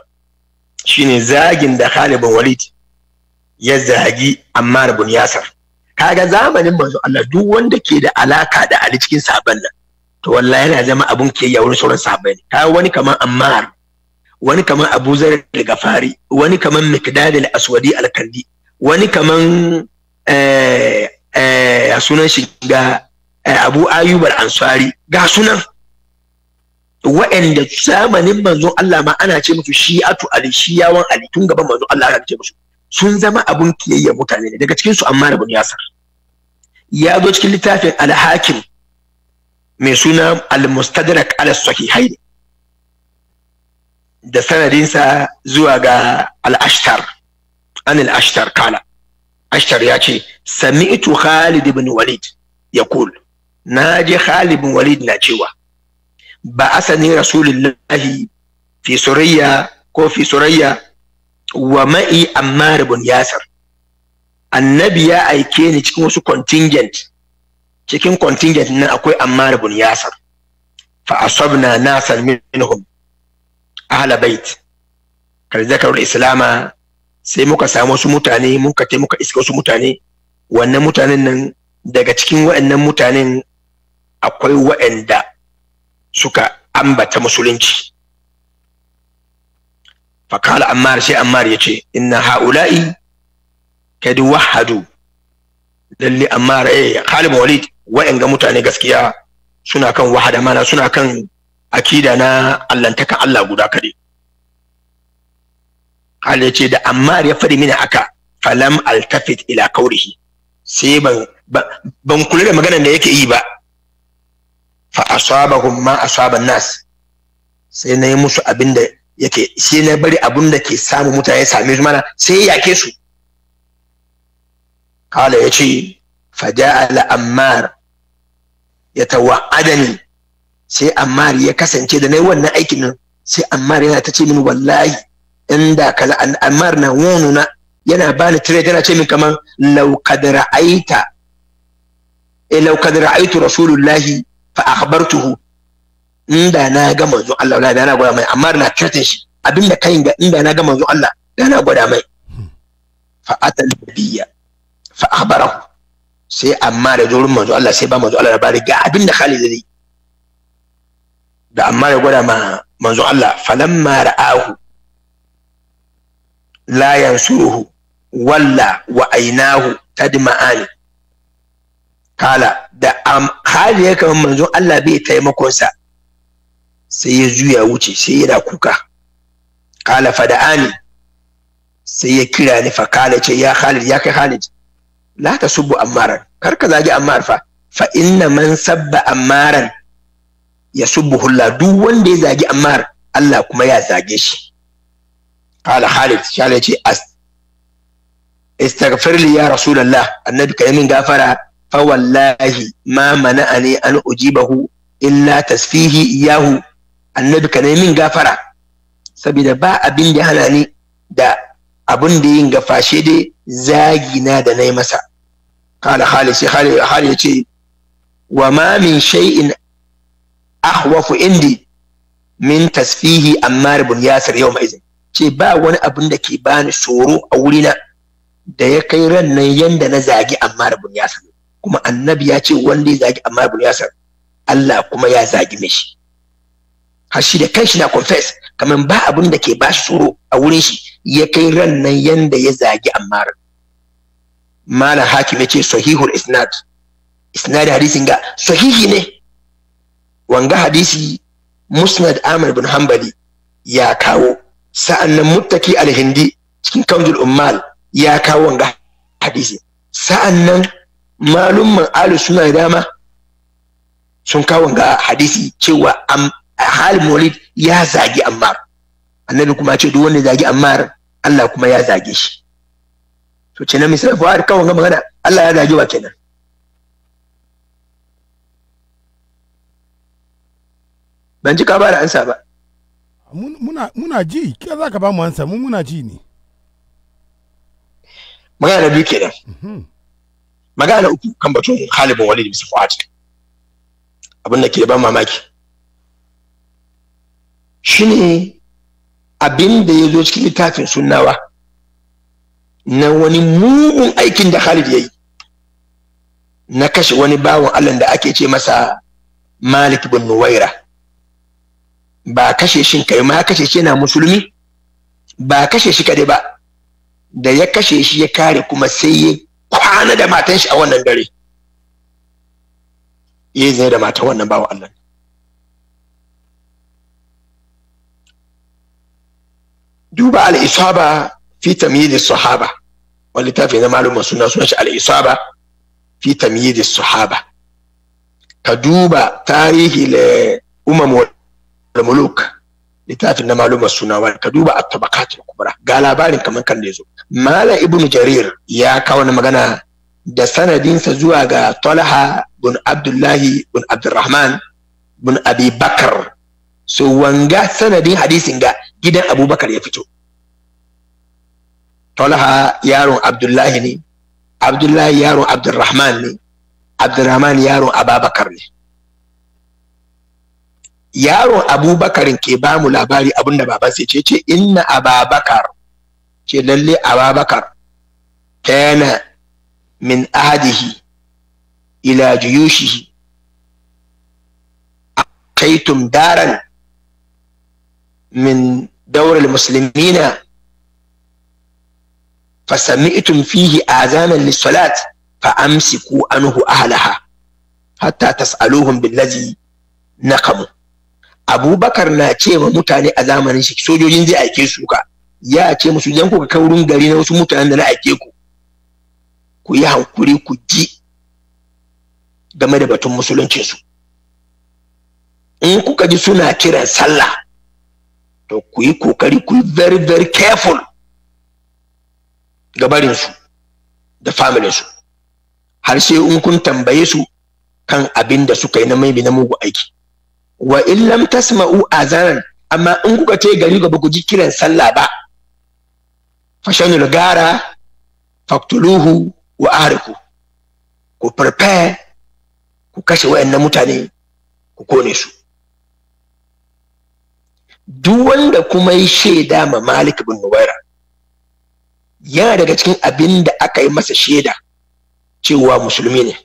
Speaker 2: shine zagin da Khalid Walid ya zagi Ammar bin Yasir kaga zamanin manzo Allah duk wanda ke da alaka da Ali cikin sahabban nan to wallahi yana zama abun ke ya wurin sauran sahabbai ne wani kaman Ammar wani kaman Abu Zar al wani kaman Miqdad al-Aswadi al-Kandi wani kaman eh eh sunan shi ga eh, Abu Ayyub al-Ansari ga sunan wa'anda zamanin manzo Allah ma ana ce musu shi'atu ali shiyawan ali tun gaban manzo Allah ya ce musu sun zama abun kiyayya mutane ne daga cikin su Ammar ibn Yasir ya zo cikin littafin al-Hakim mai suna al-Mustadrak al sahihain da sanadinsa zuwa ga al-Ashtar an al-Ashtar kala Ashtar ya ce sami'tu Khalid ibn Walid yaqul naji Khalid ibn Walid na cewa ba asani rasulullahi fi surayya ko fi surayya wa ma'i ammar ibn annabi ya aike ni cikin wasu contingent cikin contingent na akwai amma rabun yasir fa asabna nasan minhum ahla bait kar zakarul islama sai muka samu wasu mutane muka tai muka iska wasu mutane wannan mutanen nan daga cikin waɗannan mutanen akwai waɗanda suka ambata musulunci fakala ammar sai ammar ya ce inna ha'ula'i kadi wahadu lalle ammar eh khalid walid wa'anga mutane gaskiya suna kan wahada mana suna kan akida na allantaka Allah guda kade Khalid ya ce da ammar ya fadi mini aka falam altafit ila kaurihi sai ban ban kula da maganar da yake yi ba fa asabahum ma asaba nas sai na yi musu abin da yake sai na bari abin da ke samu mutane same su mana sai ya yake su kala ya ce faja'ala ammar ya tawa'adani sai ammar ya kasance da na yi wannan aikin nan sai ammar yana ta ce min wallahi inda kala, ammar na na. yana ba ni tire tana ce min kaman law qad ra'aita eh law aitu ra'aitu rasulullahi fa akhbartuhu inda na ga manzon Allah wallahi da na gwada mai amma na kirtin shi abinda kai ga inda na ga manzon Allah da na gwada mai hmm. fa atal nabiyya fa akhbarahu sai amma da jorin manzon Allah sai ba manzon Allah labari ga abinda Khalid zai da amma ya gwada ma manzon Allah falamma ra'ahu la yansuruhu walla wa ainahu tadma'ani kala da am hali ya kama manzon Allah bai taimakonsa sai ya juya wuce sai yana kuka kala fada'ani sai ya kira ni fa kala ce ya Khalid ya kai Khalid la ta subu ammar kar ka zagi ammar fa fa inna man sabba ammar ya subu hulla duk wanda ya zagi ammar Allah kuma ya zage shi kala Khalid ya ce astaghfir li ya rasulullah annabi kai min gafara fawallahi ma mana a ne an ujibahu illa tasfihi yahu. annabi ka min gafara saboda ba abin da hana ni da abin da yin gafashe dai zagi na da nayi masa kala hali shi hali ya ce wa ma min shay'in ahwafu indi min tasfihi amma bin yasir yau mai ce ba wani abin da ke bani tsoro a wurina da ya kai ran nan yanda na zagi amma bin yasir kuma annabi ya ce wanda ya zagi amma ibn yasar Allah kuma ya zagi mishi har shi da kanshi na confess kamar ba abin da ke bashi tsoro a wurin shi ya kai ran nan yanda ya zagi amma malam hakim ya ce sahihul isnad isnad hadisin ga sahihi ne wanga hadisi musnad ahmad bin hanbali ya kawo sa'annan muttaki al-hindi cikin kanjul ummal ya kawo wanga hadisi sa'annan malumman alu suna dama sun kawo ga hadisi cewa hal maulid ya zagi ammar annabi kuma ce duk wanda zagi ammar Allah kuma ya zage shi to ce na misali har kawo ga magana Allah ya zage wa kenan ban ji ka ba da ansa ba
Speaker 1: muna muna ji ke za ka ba mu ansa mu muna ji ne
Speaker 2: magana da biyu kenan mhm. magana uku kan batun halibin walid bisa fuad abin da ke ban mamaki shine abin da ya zo cikin littafin sunnawa na wani mugun aikin da Khalid ya yi na kashe wani bawan Allah da ake ce masa Malik bin Nuwaira ba kashe shi kai ma kashe shi yana musulmi ba kashe shi kadai ba da ya kashe shi ya kare kuma sai ya kwana da matan shi a wannan dare yi zai da mata wannan bawo Allah duba al-isaba fi tamyiz as-sahaba wani littafi na malum sunna sunan shi al-isaba fi tamyiz as-sahaba ka duba tarihi le umam wal muluk littafin na maluma wani ka duba a tabakatul kubra ga labarin kamar kan da zo malam ibnu jarir ya kawo na magana da sanadinsa zuwa ga talha bin abdullahi bin abdurrahman bin abi bakar so wanga sanadin hadisin ga gidan abubakar ya fito talha yaron abdullahi ne abdullahi yaron abdurrahman ne abdurrahman yaron ababakar ne yaron abubakarin ke ba mu labari abinda da baban sai ce ce inna ababakar ce lalle ababakar kana min ahadihi ila juyushihi kaitum daran min دور المسلمين فسمعتم فيه آذانا للصلاة فأمسكوا أنه أهلها حتى تسألوهم بالذي نقموا abubakar na ce wa mutane a zamanin shi sojojin zai aike su ka ya ce musu idan kuka kai wurin gari na wasu mutanen da na aike ku ku yi hankuri ku ji game da batun musuluncin su in kuka ji suna kiran sallah to ku yi kokari ku yi very very careful Ga su da familin su har sai in kun tambaye su kan abin da suka yi na na mugu aiki wa in lam tasma'u azanan amma in kuka ce gari gaba ku ji kiran sallah ba fashanul gara faktuluhu wa ariku ku prepare ku kashe wayannan mutane ku kone su duk wanda kuma yi shaida ma Malik bin Nuwaira yana daga cikin abin da aka yi masa shaida cewa musulmi ne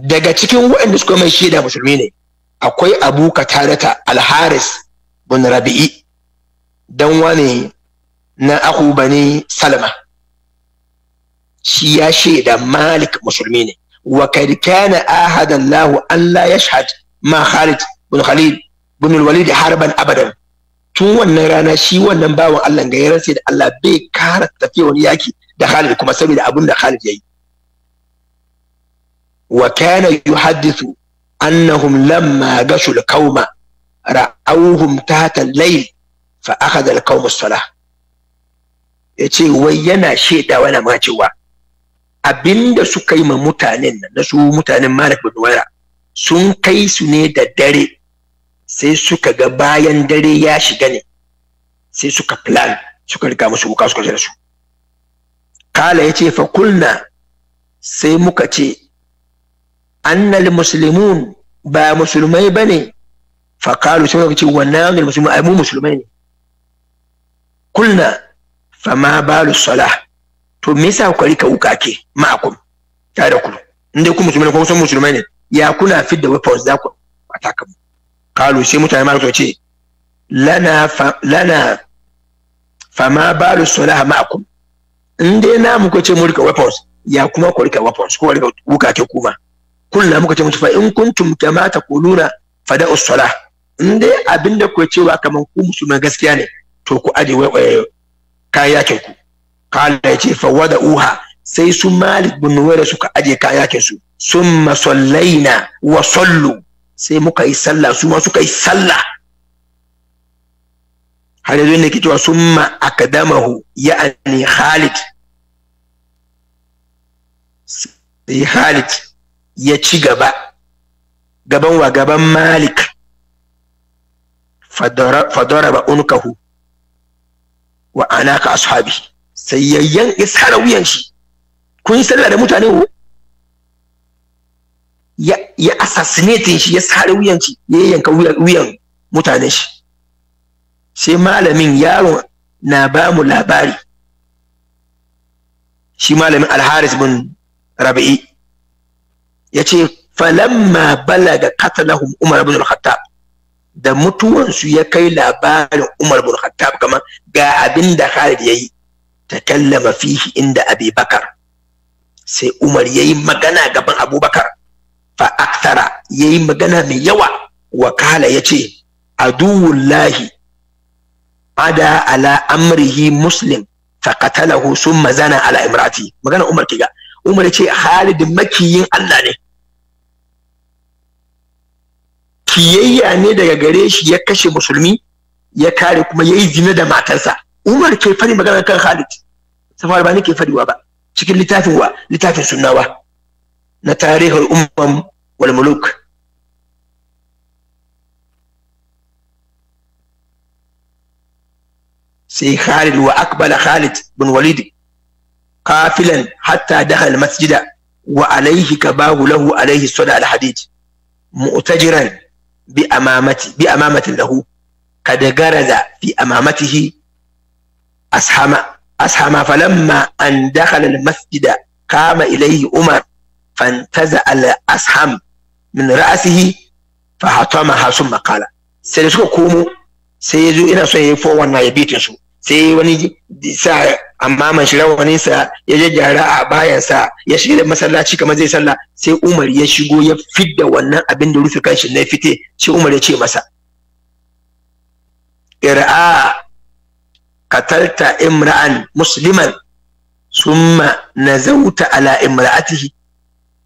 Speaker 2: daga cikin waɗanda suka mai shaida musulmi ne akwai abu ka ta alharis bin rabi'i dan wani na aku bani shi ya da malik musulmi ne wa kad kana ahada allah an la yashhad ma khalid bin khalid bin walid harban abadan tun wannan rana shi wannan bawan allah ga ya da allah bai kara tafiya wani yaki da khalid kuma saboda abun da khalid yayi wa kana yuhaddithu annahum lamma gashu al-qauma ra'awhum tahta al-layl fa akhadha al-qaum as-salah yace wai yana sheda wani ma cewa abinda suka yi ma mutanen nan su mutanen Malik bin sun kai su ne da dare sai suka ga bayan dare ya shiga ne sai suka plan suka riga musu wuka suka da su kala yace fa kulna sai muka ce annal muslimun ba musulmai bane Kalu sai ce wannan annal muslimun ai mu musulmai ne kulna fama balu salah to me yasa ku rika ke wukake ma'akum Ta da ku inda ku musulmai ko san musulmai ne ya kuna fit da weapons za ku ataka mu kalu sai mutane ma ce lana fa, lana fama balu salah ma'akum in dai namu ko ce mu rika weapons ya kuma ku rika weapons ko rika wukake kuma kulla muka ce musu fa in kuntum kama taquluna fada'u usala. in dai abinda ku cewa kamar ku musulman gaskiya ne to ku aje kayakin ku kala yace fa uha sai su malik bin nuwaira suka aje kayakin su summa sallaina wa sallu sai muka yi sallah su ma suka yi sallah har yanzu ne ke sun summa akadamahu ya'ani khalid sai khalid ya ci gaba gaban wa gaban malik fadara ba unkahu wa ka ashabi sai ya yanke wuyan shi kun yi sallah da mutane wo ya ya assassinate shi ya sare wuyan shi ya yanka wuyan mutanen shi sai malamin yaron na ba mu labari shi malamin alharis bin rabi'i yace falamma balaga qatalahum umar ibn al-khattab da mutuwansu ya kai labarin umar ibn khattab kamar ga abin da khalid yayi takallama fihi inda abi bakar sai umar yayi magana gaban abubakar fa aktara yayi magana mai yawa wa kala yace aduwullahi ada ala amrihi muslim fa qatalahu summa zana ala imrati magana umar kiga umar ya ce Khalid makiyin Allah ne kiyayya ne daga gare shi ya kashe musulmi ya kare kuma yayi zina da matarsa umar ke fari magana kan halid safar bani ke fadiwa ba cikin littafin wa littafin sunnawa na tarihul umam wal muluk سي خالد وأقبل خالد بن bin قافلا حتى دخل المسجد وعليه كباه له عليه الصلاة الحديد مؤتجرا بأمامة بأمامة له قد غرز في أمامته أسحم أسحم فلما أن دخل المسجد قام إليه عمر فانتزع الأسحم من رأسه فحطمها ثم قال سيسكو كومو سيزو إلى سيفو ونا يبيت يسوع sai wani sa amma shi sa, ya jajjara a sa, ya da masallaci kamar zai sallah sai umar ya shigo ya fidda wannan abin da rufe kanshi na fite sai umar ya ce masa ir'a katalta imra'an musliman summa nazauta ala imra'atihi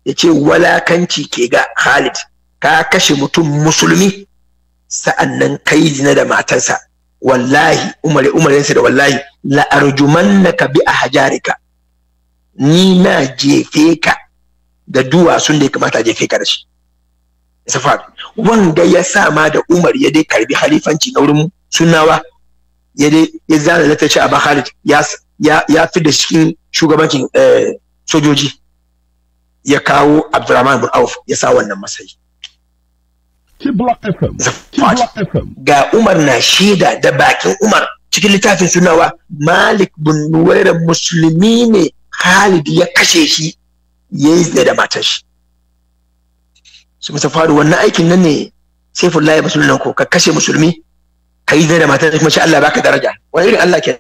Speaker 2: yace ce walakanci ke ga khalid ka kashe mutum musulmi sa'annan kai zina da matarsa wallahi umar umar da wallahi la arjumannaka bi ahjarika ni na jefe ka da duwatsun da ya kamata jefe ka da shi safar wanga ya sa ma da umar ya dai karbi halifanci na wurin sunawa ya dai ya zana da tace abu khalid ya ya fi da cikin shugabancin eh, sojoji ya kawo abdurrahman bin auf ya sa wannan masayi ga umar na shida da bakin umar cikin littafin sunawa malik bin nuwairar musulmi ne khalid ya kashe shi ya yi da matar shi su masa faru wannan aikin nan ne sai ya musulmi ko ka kashe musulmi ka yi da matar kuma shi Allah baka daraja wani irin Allah ke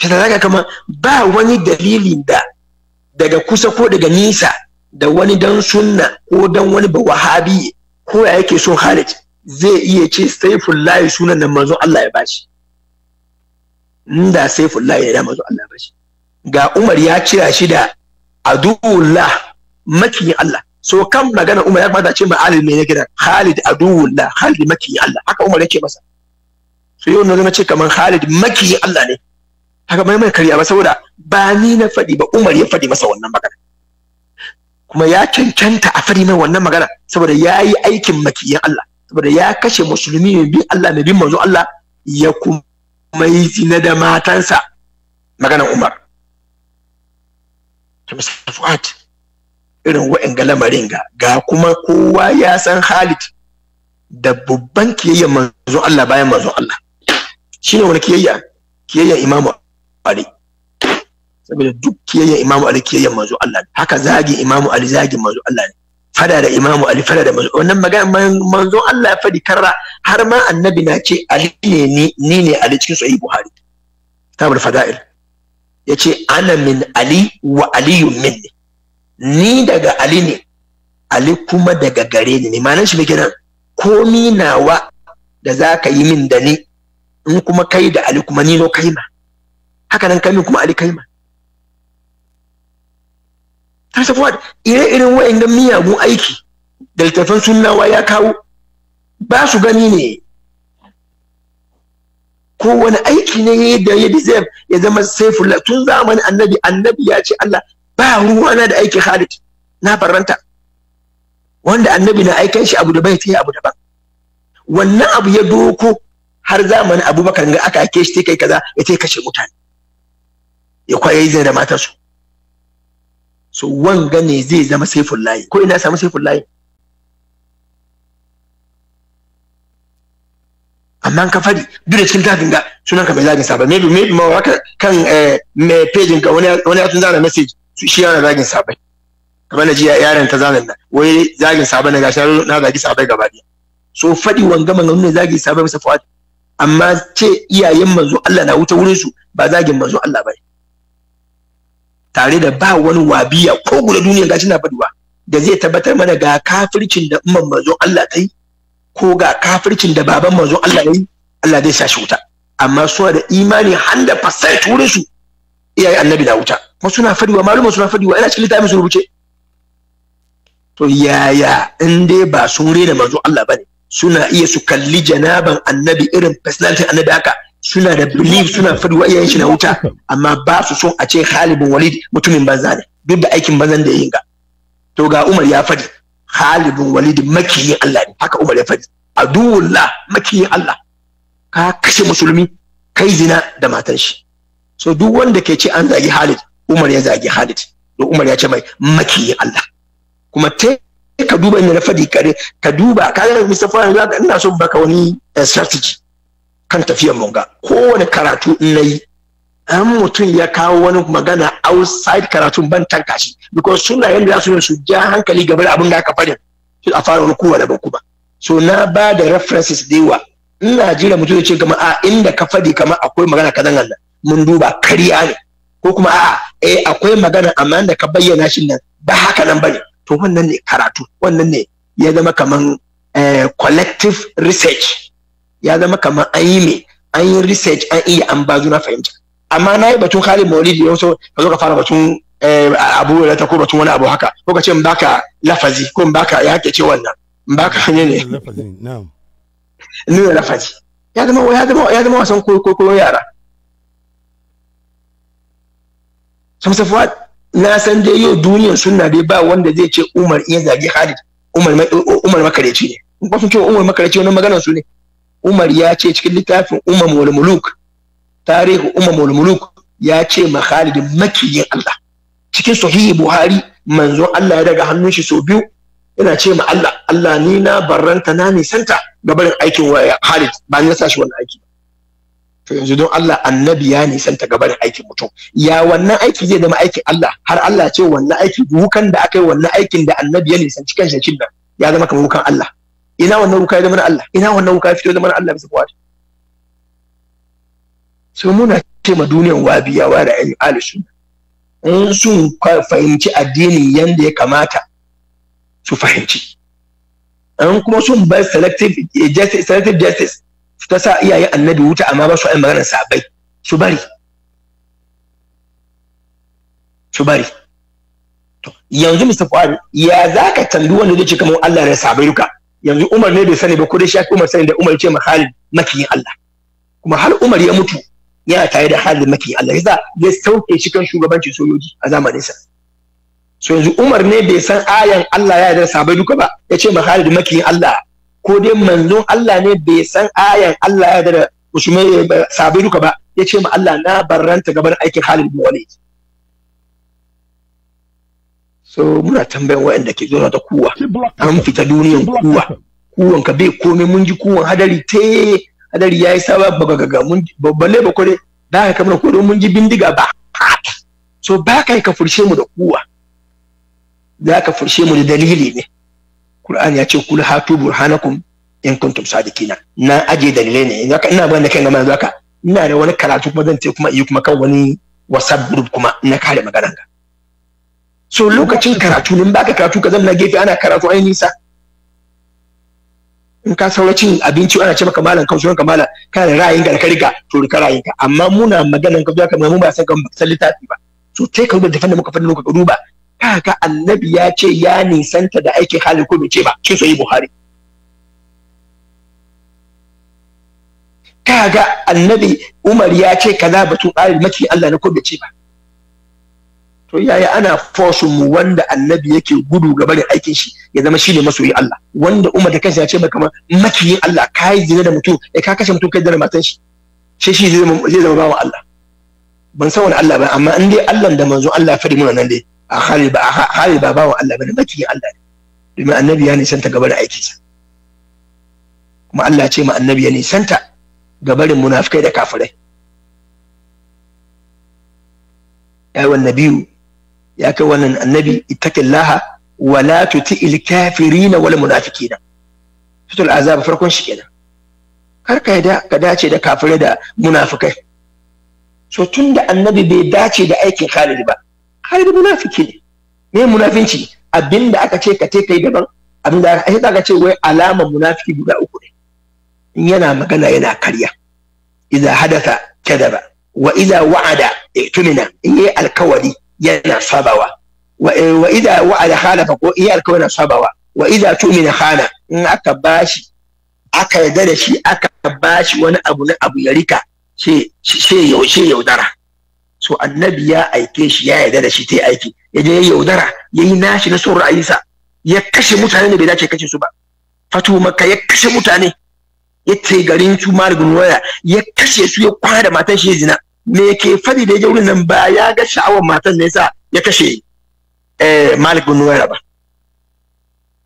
Speaker 2: kenan shi da kama ba wani dalilin da daga kusa ko daga nisa da wani dan sunna ko dan wani ba wahabi ko ya yake son halit zai iya ce Saifullahi sunan da manzon Allah ya bashi inda Saifullahi ne da manzon Allah ya bashi ga Umar ya cira shi da aduwullah makiyin Allah so kan magana Umar ya kamata ce alim ne gidan Khalid aduwullah Khalid makiyin Allah haka Umar yake masa so yau na zama ce kamar Khalid makiyin Allah ne haka mai mai karya ba saboda ba ni na faɗi ba Umar ya faɗi masa wannan magana kuma ya cancanta a fari mai wannan magana saboda ya yi aikin makiyan Allah saboda ya kashe musulmi mai bin Allah mai bin manzo Allah ya kuma yi zina da matansa maganar Umar ta Fuad irin wa'in ga lamarin ga kuma kowa ya san Khalid da babban kiyayya manzo Allah bayan manzo Allah shine wani kiyayya kiyayya Imam Ali saboda duk kiyayyen imamu ali kiyayyen manzo Allah ne haka zagin imamu ali zagin manzo Allah ne fada da imamu ali fada da manzo wannan magana manzo Allah ya fadi karra har ma annabi na ce ali ne ni ni ne ali cikin sahih buhari kitabul fada'il yace ana min ali wa aliyu minni ni daga ali ne ali kuma daga gare ni ne shi me kenan ni nawa da za ka yi min da ni in kuma kai da ali kuma ni no kai ma haka nan kai kuma ali kai ma ta safuwa ire-iren wa'annan miyagun aiki da littattafan sunnawa ya kawo ba su gani ne Ko wani aiki ne da ya deserve ya zama saifullah tun zamanin annabi annabi ya ce Allah ba ruwana da aiki Khalid na faranta wanda annabi na aikan shi abu da bai tayi abu daban wannan abu ya doko har zamanin Abubakar ga aka ake shi kai kaza ya tayi kashe mutane ya kwaye zai da matarsu so wanga ne zai zama saifin layi ko ina samu saifin layi amma ka fadi duk da cikin tafin ga sunan ka bai zagin sa ba maybe maybe ma haka kan eh, me page ka wani wani sun zana message su shi yana zagin sa bai kamar na ji yaron ta zanan nan wai zagin sa bai na gashi na zagi sa bai gaba ɗaya so fadi wanga mangan ne zagi sa masa fa'ad amma ce iyayen manzo Allah na wuta wurin su ba zagin manzo Allah bai tare da ba wani wabiya ko guda duniya gashi na faduwa da zai tabbatar mana ga kafircin da umman manzon Allah ta yi ko ga kafircin da baban manzon Allah ya yi Allah zai sa shi wuta amma suna da imani 100% wurin su iyaye annabi na wuta kuma suna fadiwa malumma suna fadiwa ina cikin littafin su rubuce to yaya in dai ba sun rena manzon Allah bane suna iya su kalli janaban annabi irin personality annabi haka suna da belief suna faɗi wa iyayen shi na wuta amma ba su son a ce Khalid bin Walid mutumin banza ne duk da aikin banzan da yayin ga to ga Umar ya fadi Khalid bin Walid makiyin Allah ne haka Umar ya fadi aduwullah makiyin Allah ka kashe musulmi kai zina da matar shi so duk wanda ke ce an zagi Halid, Umar ya zagi Halid. to Umar ya ce mai makiyin Allah kuma te ka duba inda na faɗi kare ka duba ka ga Mustafa ina so baka wani eh, strategy kan tafiyan mun ga kowane karatu in yi. an mutum ya kawo wani magana outside karatu, ban tanka shi because suna yanda za su su ja hankali gaba da abin da aka fadi, a fara wani kuma ba kuma so na ba da references da yawa ina jira mutum ya ce kama a inda ka fadi kama akwai magana kazan nan mun duba kariya ne ko kuma a'a eh akwai magana amma da ka bayyana shi nan ba haka nan bane to wannan ne karatu wannan ne ya zama kaman eh, collective research ya zama kamar an yi me an yi research an iya an ba juna fahimta amma na yi batun Khalid Maulidi yau so ka zo ka fara batun eh, abu da ta ko batun wani abu haka ko ka ce in baka lafazi ko in baka ya ke ce wannan in baka hanyar
Speaker 1: ne
Speaker 2: nuna lafazi ya zama ya zama ya zama wasan koyon yara na san dai yau duniyar suna dai ba wanda zai ce Umar iya zage Khalid Umar Umar makareci ne ba sun ce Umar makareci wannan maganar su ne Umar ya ce cikin littafin Umar Mulmuluk tarihi Umar Mulmuluk ya ce ma Khalid makiyin Allah cikin sahihi Buhari manzon Allah ya daga hannun shi sau biyu yana ce ma Allah Allah ni na barranta na nisanta ga barin aikin waya Khalid ba ni sa shi wannan aiki to yanzu don Allah annabi ya nisanta ga barin aikin mutum ya wannan aiki zai zama aikin Allah har Allah ce wannan aiki wukan da aka yi wannan aikin da annabi ya nisanci kan shi nan ya zama kamar wukan Allah ina wannan wuka ya zama na Allah ina wannan wuka ya fito zama na Allah bisa kwata so muna ce ma duniyan wabiyawa da ƴan alisu in sun fahimci addini yadda ya kamata su fahimci An kuma sun bar selective eh, justice selective justice su ta sa iyaye annabi wuta amma ba su ayi maganar sabai su bari su bari yanzu Mr. kwari ya zaka tambi wanda zai ce kamar Allah da sabai duka yanzu Umar ne bai sani ba ko dai shafi Umar sani da Umar ce ma halin makiyin Allah kuma har Umar ya mutu yana tare da halin makiyin Allah yasa ya sauke shi kan shugabancin sojoji a zamanin sa so yanzu Umar ne bai san ayan Allah ya da sabai duka ba ya ce ma halin makiyin Allah ko dai manzon Allah ne bai san ayan Allah ya da musulmai sabai duka ba ya ce ma Allah na barranta gaban aikin halin bin Walid so muna tambayan waɗanda ke zuwa ta kuwa an fita duniyan kuwa kuwan ka bai komai mun ji kuwan hadari te hadari ya yi saba gaga mun balle ba kore da ka kamar kodon mun ji bindiga ba so ba ka ka furshe mu da kuwa za ka furshe mu da dalili ne Qur'an ya ce kul hatu burhanakum in kuntum sadiqina na aje dalilai ne ina ba da ga gama zaka ina da wani karatu kuma zan ce kuma iya kuma kan wani whatsapp group kuma na kare maganar ka so lokacin karatu in baka karatu ka zanna gefe ana karatu ai nisa in ka saura cin abinci ana ce maka malam kausuran ka malam ka da ra'ayin ka rika to rika ra'ayin ka amma muna maganan ka ka mu ba san kan san littafi ba so sai ka rubuta fannin muka fannin ka duba annabi ya ce ya nisanta da aikin halin ko bai ce ba kin soyi buhari kaga annabi umar ya ce kaza batun alil maki Allah na ko bai ce ba to yaya ana fosun mu wanda annabi yake gudu ga barin aikin shi ya zama shine masoyi Allah wanda umma da kansa ya ce maka ma makiyin Allah kai zina da mutum eh ka kashe mutum kai da matan shi shi shi zai zama bawan Allah ban san wani Allah ba amma in dai Allah da manzon Allah ya faɗi nan dai a hali ba a hali ba bawan Allah bane makiyin Allah ne domin annabi ya nisanta ga barin aikin sa kuma Allah ya ce ma annabi ya nisanta ga barin munafikai da kafirai wannan nabiyyu ya kai wannan annabi ittaqillaha wa la tuti'il kafirina wal munafiqina fitul azab farkon shi kenan kar ka da ka dace da kafirai da munafikai so tunda annabi bai dace da aikin Khalid ba Khalid munafiki ne me munafinci abinda aka ce ka te kai daban abinda aka ce wai alama munafiki guda uku ne in yana magana yana karya idza hadatha kadaba wa idza wa'ada i'tumina in yi alkawari yana sabawa wa eh, idza ko iya alkawari sabawa wa idza tumina khana in aka bashi aka yarda da shi aka bashi wani abu na abu ya rika she yaudara so annabi ya aike shi ya yarda da shi ta aiki ya je ya yaudara yayi nashi na son ra'ayinsa ya kashe mutane ne bai dace kashe su ba fatu maka ya kashe mutane ya ce garin su maligun waya ya kashe su ya kwana da matan shi zina me ke fadi da ya wurin nan ba ya ga sha'awar matan ne sa ya kashe eh, Malik bin Nuwaira ba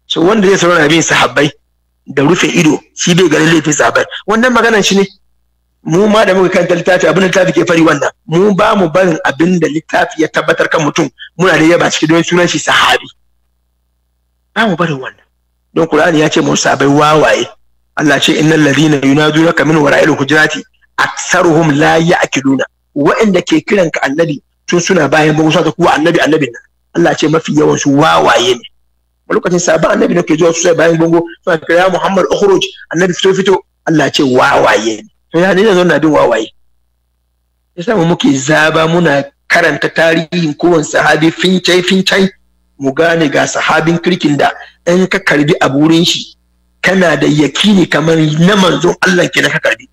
Speaker 2: so wanda zai saurara bin sahabbai da rufe ido shi bai gani laifin sahabbai wannan maganar shi ne mu ma da muka kan littafi abin littafi ke fari wannan mu ba mu barin abin da littafi ya tabbatar kan mutum muna da yaba cikin don sunan shi sahabi ba mu barin wannan don Qur'ani ya ce mu sahabbai wawaye Allah ce innal ladina yunadunaka min wara'il hujurati aksaruhum la ya'kiluna wa'anda ke kiran ka annabi tun suna bayan bagusa ta kuwa annabi annabin nan Allah ce mafi yawan su wawaye ne a lokacin sabon annabi ke zuwa su sai bayan bango suna kira Muhammad ukhruj annabi fito fito Allah ce wawaye ne to ya ne yanzu na bin wawaye yasa mu muke zaba muna karanta tarihin kowan sahabi fincai fincai mu gane ga sahabin kirkin da in ka karbi a burin shi kana da yakini kamar na manzon Allah ke da ka karbi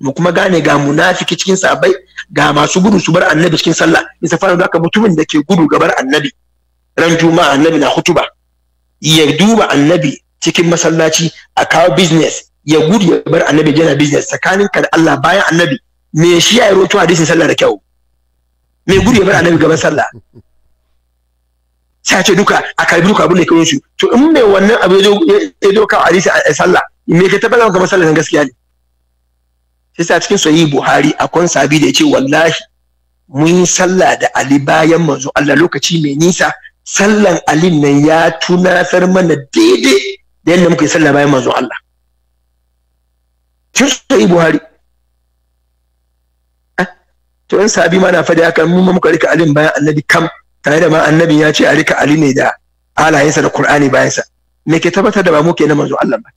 Speaker 2: mu kuma gane ga munafiki cikin sabai ga masu gudu su bar annabi cikin sallah isa fara da ka mutumin da ke gudu gabar annabi ran juma'a annabi na hutuba ya duba annabi cikin masallaci a kawo business ya gudu ya bar annabi yana business tsakanin ka da Allah bayan annabi me shi ya roto hadisin sallah da kyau me gudu ya bar annabi gaban sallah sai ce duka a karbi duka abin da ke su to in mai wannan abu ya zo kawo hadisi a sallah me ka tabbatar sallah na gaskiya ne sai cikin sahih buhari akwai sabi da yace wallahi mun sallah da ali bayan manzo Allah lokaci mai nisa sallan ali nan ya tunasar mana daidai da yadda muka yi sallah bayan manzo Allah cikin sahih buhari ah, to yan sabi ma na fada haka mun muka rika alin bayan annabi kam tare da ma annabi ya ce a rika ali ne da halayensa da qur'ani bayansa me ke tabbatar da ba mu ke na manzo Allah ba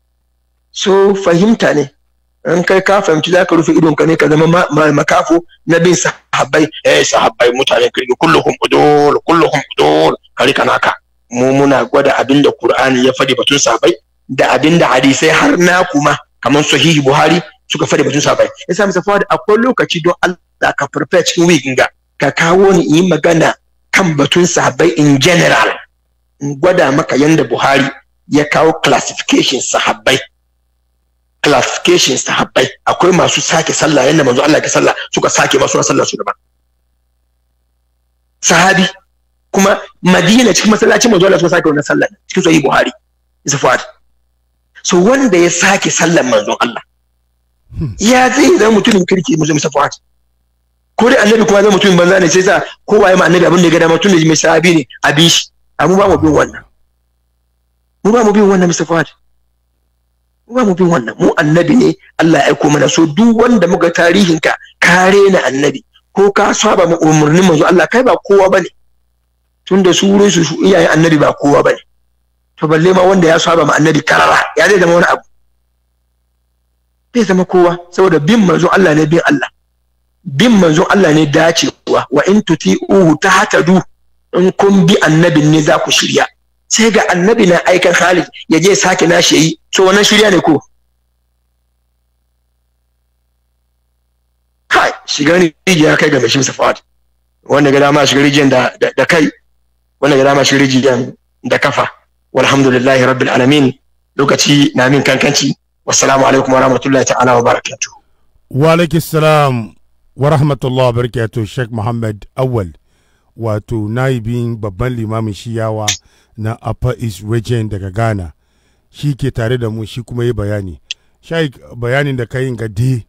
Speaker 2: so fahimta ne in kai ka fahimci za ka rufe idonka ne ka zama makafo na bin sahabbai eh sahabbai mutane kirki kulluhum udul kulluhum udul kari kana ka mu muna gwada abinda Kur'ani Qur'ani ya fadi batun sahabbai da abinda hadisai har na kuma kamar sahihi Buhari suka fadi batun sahabbai yasa misa fawad akwai lokaci don Allah ka prepare cikin week ga ka kawo ni yi magana kan batun sahabbai in general in gwada maka yanda Buhari ya kawo classification sahabbai ta sahabbai akwai masu sake sallah yadda manzo Allah ke sallah suka sake ba suna sallah su gaba sahabi kuma Madina cikin masallaci manzo Allah suka sake wannan sallah cikin sahih Buhari isa fuad so wanda ya sake sallan manzo Allah hmm. ya zai zama mutumin kirki mu isa fuad ko dai annabi kuma zai mutumin banza ne sai sa kowa ya ma annabi abin da ya ga dama tun da mai sahabi ne a shi amma ba mu bin wannan mu ba mu bin wannan Mr. ba mu bin wannan mu annabi ne Allah ya aiko mana so duk wanda muga tarihin ka ka rena annabi ko ka saba mu umarnin manzo Allah kai ba kowa bane tunda su wurin su iyayen annabi ba kowa bane to balle ma wanda ya saba ma annabi karara ya zai zama wani abu bai zama kowa saboda bin manzo Allah ne bin Allah bin manzo Allah ne dacewa wa in tuti'uhu tahtadu in kun bi annabin ne za ku shirya sai ga annabi na aikan Khalid ya je sake nashi yi to wannan shirya ne ko kai shiga rijiya kai ga mai shimsa fa'ad wanda ga dama shiga rijiyan da da kai wanda ga dama shiga rijiyan da kafa walhamdulillahi rabbil alamin lokaci na min kankanci wassalamu alaikum wa rahmatullahi ta'ala wa barakatuh
Speaker 1: wa alaikis salam wa rahmatullahi wa sheikh muhammad awwal wato naibin babban limamin shiyawa na upper east region daga ghana shi ke tare da mu shi kuma yi bayani shaik bayanin da kayin ga dai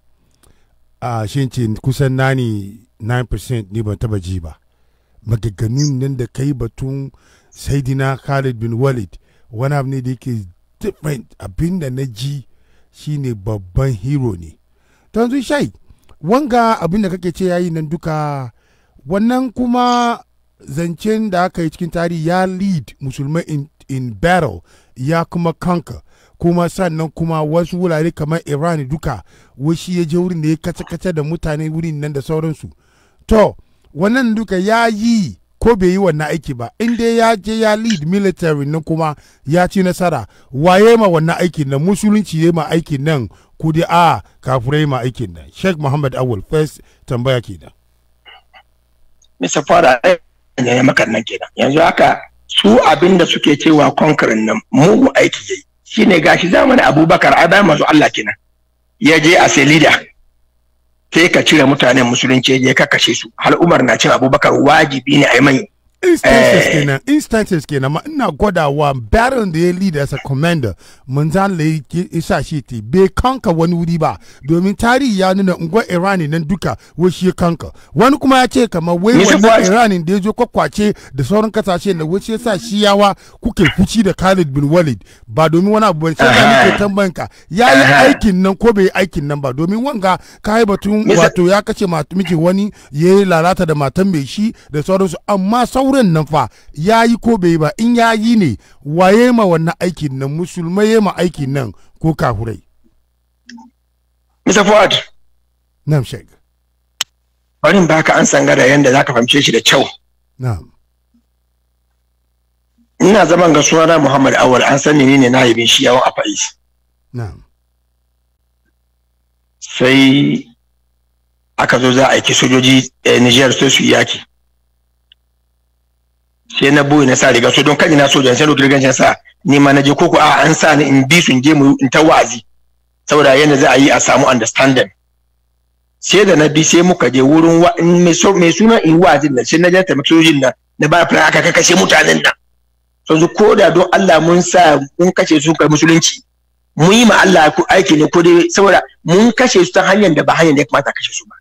Speaker 1: a ce kusan nani 9% ne ban taba ji ba maganganun nan da kai batun saidina khalid bin walid wani abu ne da yake different abin da na ji shine babban hero ne tanzu shayi wanga abin da kake ce yayi nan duka wannan kuma zancen da aka yi cikin tarihi ya lead musulmai in, in battle ya kuma kanka kuma sannan kuma wasu wurare kamar iran duka wasu ya je wurin da ya kace-kace da mutane wurin nan da sauransu to wannan duka ya yi ko bai yi wannan aiki ba in dai ya je ya lead military nan kuma ya ci nasara waye ma wannan aiki nan musulunci ya ma aikin nan kudi a ah, kafurai ma aikin nan sheikh muhammad awul first tambaya kenan
Speaker 2: Mr. Fara ne ya makar nan kenan. Yanzu haka su abin da suke cewa konkirin nan mugu aiki yayi. Shine gashi zamanin Abubakar a bayan masu Allah kenan. Ya je a Selida. Sai ka cire mutanen musulunci ya je ka kashe su. Har Umar na cewa Abubakar wajibi ne a yi mai
Speaker 1: instances eh. kenan instances kenan ma ina gwadawa barin da ya lead as a commander manzala ya sa shi te bai kanka wani wuri ba domin tarihi ya nuna ungwa iran nan duka wasu kanka wani kuma ya ce kamar wai iran irani da ya zo kwakwace da sauran kasashe na wasu ya sa shi yawa kuke fuci da khalid bin walid ba domin wani abu bane sai ke eh. tambayanka ya yi eh. aikin nan ko bai aikin nan ba domin wanga ka yi batun wato ya kace miki wani ya lalata da matan mai shi da sauransu amma sauran wurin nan fa ya yi ko bai ba in ya yi ne waye ma wannan aikin nan musulmai ya ma aikin nan ko kahurai
Speaker 2: Mr. Fuad. Na'am Sheikh. Barin ka an sangara za ka fahimce shi da kyau. Na'am. Ina zaman ga sunana Muhammad Awal an sani ne ne bin shi yawon a Paris. Sai aka zo za a aiki sojoji eh, Niger sai su yaki. sai na boye na sa riga so don kan ina sojan sai lokacin rigan sa ni ma na je koko a an sa ni in bi su in je mu in ta wazi saboda yanda za a yi a samu understanding sai da na bi sai muka je wurin mai suna in wazi nan sai na je ta sojin nan na ba fara aka kashe mutanen nan yanzu ko da don Allah mun sa mun kashe su kai musulunci mun yi ma Allah aiki ne ko dai saboda mun kashe su ta hanyar da ba hanyar da ya kamata kashe su ba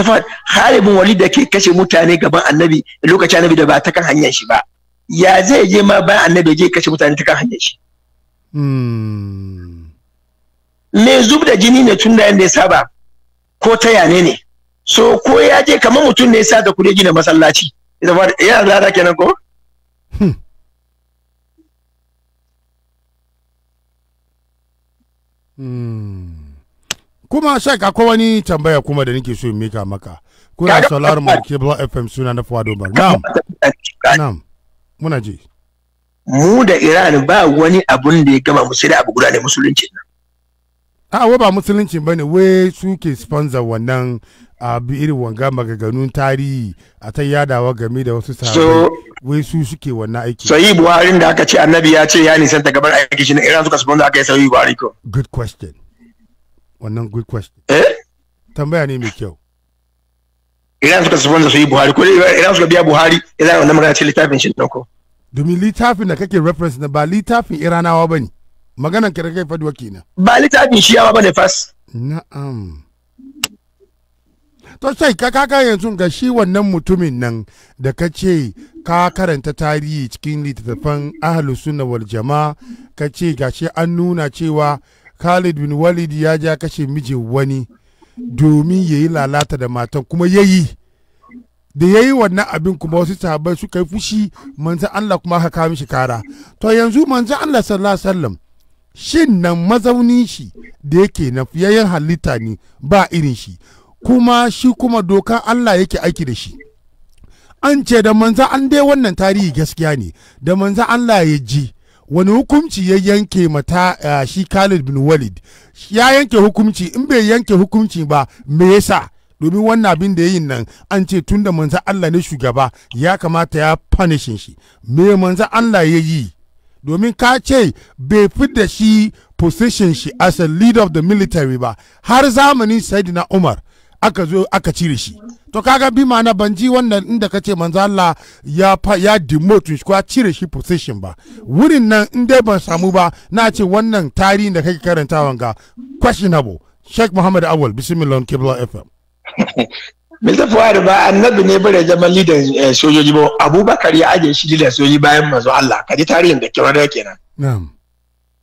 Speaker 2: fa haribin wali da ke kashe mutane gaban annabi lokacin annabi da ba ta kan hanyar shi ba ya zai je ma bayan annabi je kashe mutane ta kan hanyar shi hmm. me zub da jini ne tun da yadda ya saba ko ta yane ne so ko ya je kamar mutum ne ya sa da kure gina masallaci ya yana da kenan ko hmm.
Speaker 1: kuma ka akwai wani tambaya kuma da nake so in mika maka kuna solar mu cable fm suna na fado bar na'am na'am muna ji
Speaker 2: mu da iran ba wani abun da ya gama mu sai da abu guda ne musulunci
Speaker 1: a wa ba musulunci ba ne wai suke sponsor wannan bi irin wanga magaganun tarihi a ta yadawa game da wasu sahabbai wai su suke wannan aiki sai buhari da
Speaker 2: aka ce annabi ya ce ya ta gabar aiki shi na iran suka sponsor aka yi sai buhari ko
Speaker 1: good question
Speaker 2: wannan good question
Speaker 1: eh tambaya ne mai kyau
Speaker 2: idan suka sponsor su yi buhari ko idan suka biya buhari idan wannan magana ce littafin shi ko
Speaker 1: domin littafin da kake reference na ba littafin iranawa bane maganan kare kai faduwa kenan ba littafin shiyawa bane fas na'am to sai ka kaka yanzu ga shi wannan mutumin nan da ka ce ka karanta tarihi cikin littattafan ahlus sunna wal jama'a ka ce gashi an nuna cewa khalid bin walid ya ja kashe miji wani domin ya yi lalata da matan kuma ya yi da ya yi wannan abin kuma wasu sahabbai suka yi fushi manzan Allah kuma aka kawo shi kara to yanzu manzan Allah sallallahu alaihi wasallam shin nan mazaunin shi da yake na fiyayyen halitta ne ba irin shi kuma shi kuma doka Allah yake aiki da shi an ce da manzan an dai wannan tarihi gaskiya ne da manzan Allah ya ji wani hukunci ya yanke mata uh, eh, shi Khalid bin Walid ya yanke hukunci in bai yanke hukunci ba me yasa domin wannan abin da ya yi nan an ce tunda manzo Allah ne shugaba ya kamata ya punishin shi me manzo Allah ya yi domin ka ce bai fi da shi position shi as a leader of the military ba har zamanin saidina Umar aka zo aka cire shi to kaga bi ma'ana ban ji wannan inda ka ce manzo Allah ya fa ya demote shi ko ya cire shi position ba wurin nan in dai ban samu ba na ce wannan tarihin da kake karanta wanga questionable Sheikh Muhammad Awal bismillah Kibla FM
Speaker 2: Mr. Fuad ba annabi ne bare zaman leader eh, sojoji ba Abubakar ya aje shi leader sojoji bayan manzo Allah kaji tarihin da kira da kenan na'am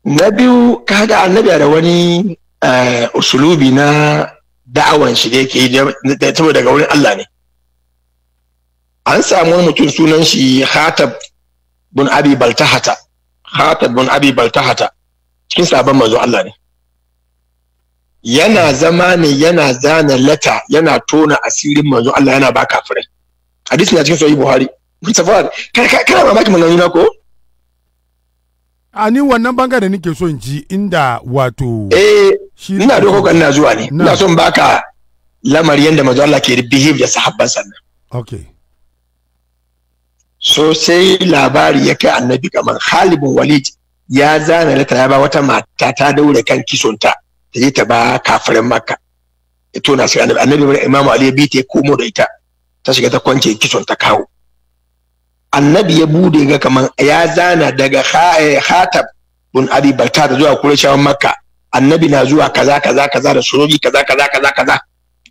Speaker 2: na biyu kaga annabi da wani eh, usulubi na da'awan shi da yake yi daga wurin Allah ne an samu wani mutum sunan shi Khatab bin Abi Baltahata Khatab bin Abi Baltahata cikin sabon manzo Allah ne yana zama ne yana zana lata yana tona asirin manzo Allah yana ba kafirai hadisi na cikin sahih Buhari safar kana mamaki mun na ko
Speaker 1: a ni wannan bangare nake so in ji inda wato eh
Speaker 2: ina da kokon na zuwa ne ina son baka lamari yanda manzo Allah ke behave da sahabban sa okay so sai labari ya kai annabi kamar halibin walid ya zana lata ya ba wata mata ta daure kan kisonta ta je ta ba kafirin makka ya tona sai annabi annabi bar Imam ali ya bi ta komo da ita ta shiga ta kwance kisonta kawo annabi ya bude ga kaman ya zana daga eh, khatab bin abi balta da zuwa qurayshawan makka annabi na zuwa kaza kaza kaza da surobi kaza kaza kaza kaza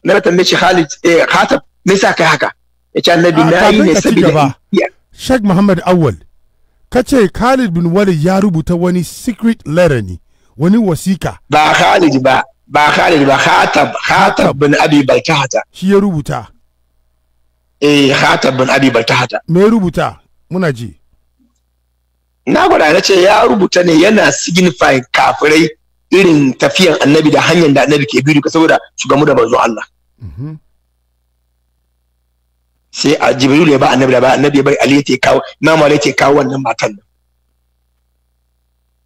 Speaker 2: na tambaye shi Khalid eh Khatab me yasa kai haka yace annabi ah, na yi ne saboda
Speaker 1: Sheikh Muhammad Awal kace Khalid bin Walid ya rubuta wani secret letter ne wani wasika
Speaker 2: ba Khalid ba ba Khalid ba Khatab Khatab bin Abi Baltahata shi ya rubuta eh Khatab bin Abi Baltahata me rubuta muna ji na gwada na ce ya rubuta ne yana signify kafirai irin tafiyan annabi da hanyar da annabi ke bi duka saboda su gamu da manzo Allah mhm. sai a jibril ya ba annabi da ba annabi ya bari ali ya kawo namu ali ya kawo wannan matan nan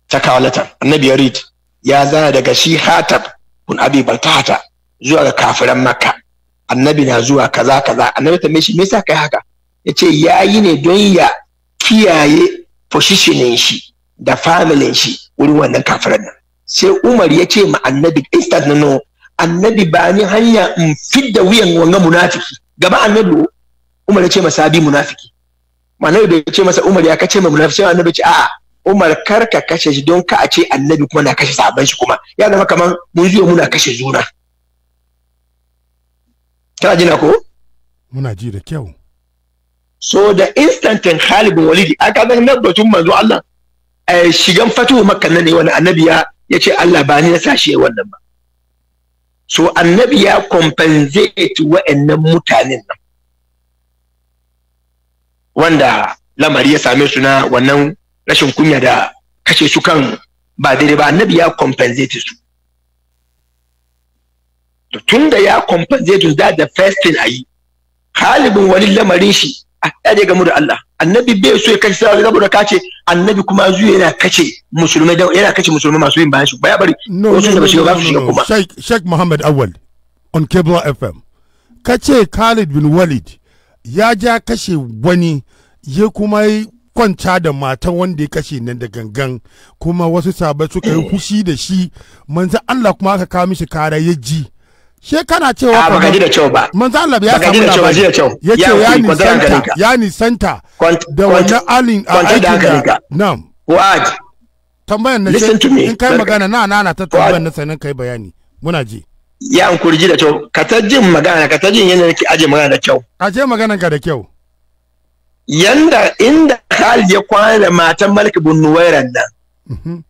Speaker 2: ta kawo latan, annabi ya read ya zana daga shi hatab kun abi baltata zuwa ga kafiran makka annabi na zuwa kaza kaza annabi ta shi me yasa kai haka Ya ce ya yi ne don ya kiyaye positionin shi da familin shi wurin wannan kafiran nan sai umar ya ce ma annabi instant no annabi ba ni hanya in fidda wuyan wanga munafiki gaba annabi umar ya ce masa bi munafiki annabi bai ce masa umar ya kace ma munafiki annabi ce a'a umar kar ka kashe shi don ka a ce annabi kuma na kashe sahabban shi kuma ya zama kaman mun zuwa muna kashe juna kana jina ko muna ji da kyau so da instantin Khalid bin aka zan nan batun manzo Allah eh shigan fatuhu makka ne wani annabi ya ya ce Allah ba ni na sa shi wannan ba so annabi ya compensate wa'annan mutanen nan wanda lamari ya same su na wannan rashin kunya da kashe su kan ba daidai ba annabi ya compensate su tun da ya compensate su da the first thing a yi halibin wani lamarin shi a ya gamu da Allah annabi bai so ya kashe sahabi saboda ka ce annabi kuma zuwa yana kace musulmai yana kace musulmai masu yin bayan shi baya bari wasu ba shiga ba su shiga kuma
Speaker 1: Sheikh Muhammad Awal on Cable FM kace Khalid bin Walid ya ja kashe wani ya kuma yi kwanta da matan wanda ya kashe nan da gangan kuma wasu sabai suka yi fushi da shi manzo Allah kuma aka kawo mishi kara ya ji she kana cewa ah, ba gaji da cewa ba manzo Allah ya samu cewa ya ce ya ni santa ya ni santa da wannan alin a aikin da na'am wa'ad tambayan na ce in kai magana na na ta tambayan na sanin kai bayani
Speaker 2: muna ji ya an kurji da cewa ka ta jin magana ka ta jin yanda nake aje magana da kyau aje magana ka da kyau yanda inda Khalid ya kwana da matan Malik bin Nuwairan nan mhm.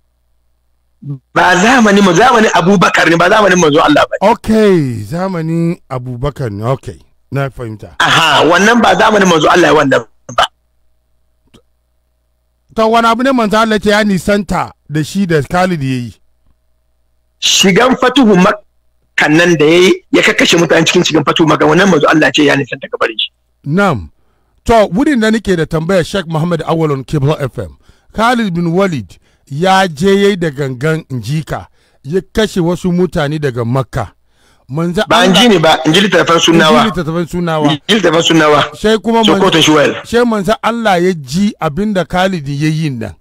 Speaker 2: ba zamanin mu zamanin abubakar ne ba zamanin manzo Allah ba
Speaker 1: okay zamanin abubakar ne okay
Speaker 2: na fahimta aha wannan ba zamanin manzo Allah ya wannan ba
Speaker 1: to wani abu ne manzo Allah ke ya nisanta da shi da Khalid yayi
Speaker 2: shigan fatuhu makkan nan da yayi ya kakkashe mutane cikin shigan fatuhu makkan wannan manzo Allah ce ya nisanta bari shi
Speaker 1: na'am to wurin da nake da tambaya Sheikh Muhammad Awalon Kibla FM Khalid bin Walid ya je yi da gangan jika ya kashe wasu mutane daga makka manzo ba ji ne ba in ji littattafan sunawa in ji littattafan sunawa in ji littattafan sunawa sai kuma sokoto shuwel sai manzo Allah ya ji abinda Khalid ya yi nan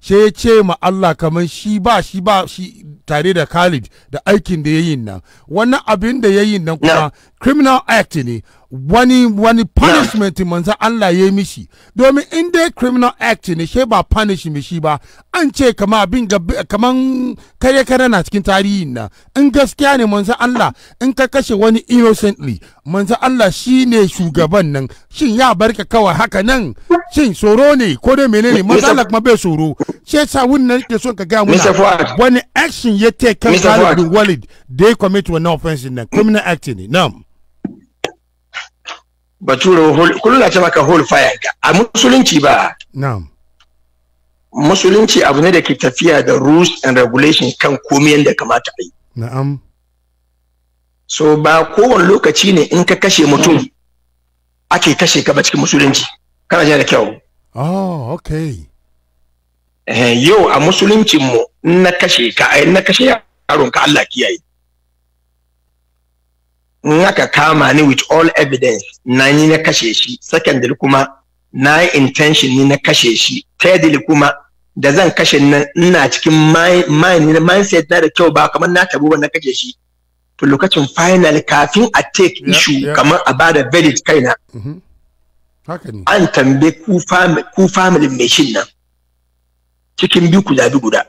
Speaker 1: sai ya ce ma Allah kamar shi ba shi ba shi tare da Khalid da aikin da ya yi nan wannan abin da ya yi nan kuma criminal act ne wani wani punishment yeah. manzan Allah ya yi mishi domin in dai criminal act ne she ba punish mishi ba an ce kama abin kaman kare kare na cikin tarihin na in gaskiya ne manzan Allah in ka kashe wani innocently manzan Allah shi ne shugaban nan shin ya barka kawai haka nan shin tsoro ne ko dai menene Allah kuma bai tsoro shi yasa wannan ke so ka ga muna wani action ya take kan Khalid Walid dey commit wannan offense nan criminal act ne na'am
Speaker 2: bature kullum na ce maka whole fire a musulunci ba na'am musulunci abu ne da ke tafiya da rules and regulations kan komai yadda kamata a yi na'am so ba kowane lokaci ne in ka kashe mutum ake kashe ka ba cikin musulunci kana jin da kyau
Speaker 1: oh okay
Speaker 2: eh, yau a musulunci mu na kashe ka na kashe yaron ka Allah kiyaye naka ka kama ni with all evidence na ni na kashe shi secondly kuma na intention ni na kashe shi thirdly kuma da zan kashe nan ina cikin mind mindset na da kyau ba kamar na tabu ba na kashe shi to lokacin final kafin a take issue kamar a ba da verdict kaina
Speaker 1: mm-hmm.
Speaker 2: an tambe ku family mai shin nan cikin biyu ku zabi guda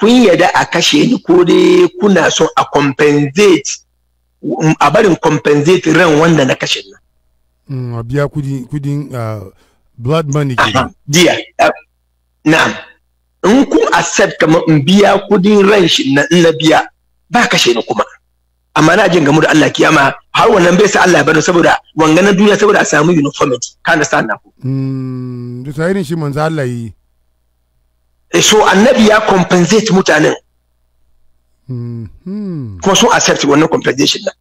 Speaker 2: kun yada a kashe ni ko dai kuna so a compensate a barin compensate ran wanda na kashe na.
Speaker 1: Mm, a biya kudin uh, blood money ke
Speaker 2: diya na in kun accept kamar in biya kudin ran shi na in na biya ba kashe ni kuma amma na jin gamu da Allah kiyama har wannan bai sa Allah ya bani saboda wanga na duniya saboda a samu uniformity ka understand na ku
Speaker 1: mm da irin shi manzo Allah yi
Speaker 2: eh, so annabi ya compensate mutanen Mm-hmm. ko sun accept wannan compensation nan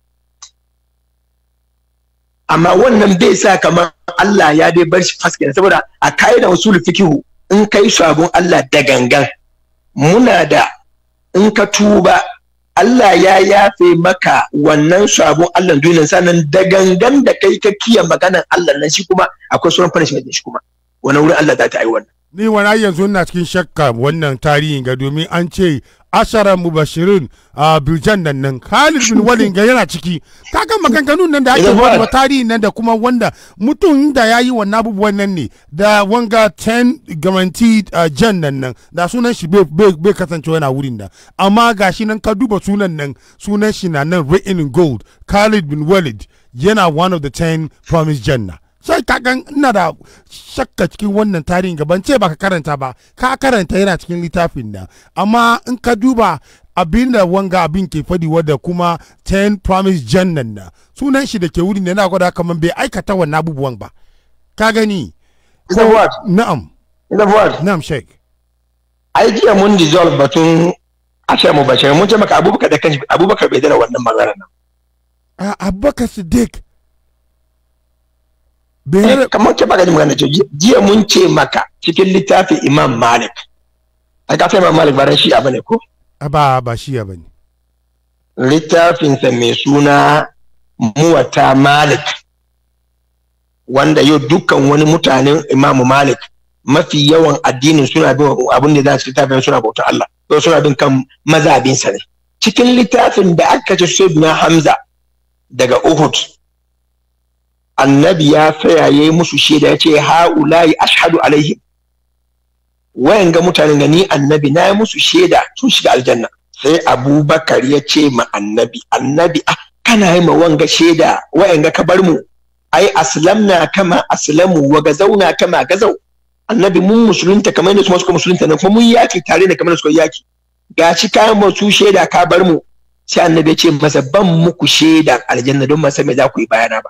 Speaker 2: amma wannan bai sa kamar Allah ya dai bar shi faske saboda a kaida usul fikihu in kai sabon Allah da gangan muna da in ka tuba Allah ya yafe maka wannan sabon Allah duniyar sanan da gangan da kai ka kiyaye maganan Allah nan shi kuma akwai sauran punishment shi kuma wannan wurin Allah za ta yi wannan
Speaker 1: ni wani yanzu na cikin shakka wannan tarihin ga domin an ce ashara mubashirin a biljan nan nan khalid bin walid ga yana ciki kaga maganganun nan da ake wani tarihin nan da kuma wanda mutum da ya yi wannan abubuwan nan ne da wanga 10 guaranteed jan nan nan da sunan shi bai kasance yana wurin da amma gashi nan ka duba sunan nan sunan shi na nan written in gold khalid bin walid yana one of the 10 promised janna sai kakan ina da shakka cikin wannan tarihin gaban ce baka karanta ba ka karanta yana cikin littafin nan amma in ka duba abin da wanga abin ke fadi wadda kuma 10 promise jannan na sunan shi da ke wurin da na gwada kamar bai aikata wannan abubuwan ba ka gani ita na'am na'am sheik
Speaker 2: ai jiya mun dizol batun ashe mu bashe mun ce maka abubakar da kanshi abubakar bai dara wannan magana nan abubakar siddiq Eh, kamar ke baka ji magana ce jiya mun ce maka cikin littafin imam malik a kafa imam malik ba shi abu ne ko
Speaker 1: ah, ba ba shi abu ne
Speaker 2: littafinsa mai suna muwata malik wanda yau dukkan wani mutanen imam malik mafi yawan addinin suna bin abin da za su littafin suna bautar Allah ko suna bin kan mazabinsa ne cikin littafin da aka ce sayyidina hamza daga uhud annabi ya tsaya ya musu shaida ya ce ha'ulayi ashhadu alaihim wayan ga mutanen gani annabi na yi musu shaida sun shiga aljanna sai abubakar ya ce ma annabi annabi ah kana yi ma wanga shaida wayan ga ka bar mu ai aslamna kama aslamu wa gazauna kama gazau annabi mun musulunta kamar yadda su suka musulunta nan kuma mun yaki tare da kamar suka yaki gashi kayan mu su shaida ka bar mu sai annabi ya ce masa ban muku shaida aljanna don masa me za ku yi bayana ba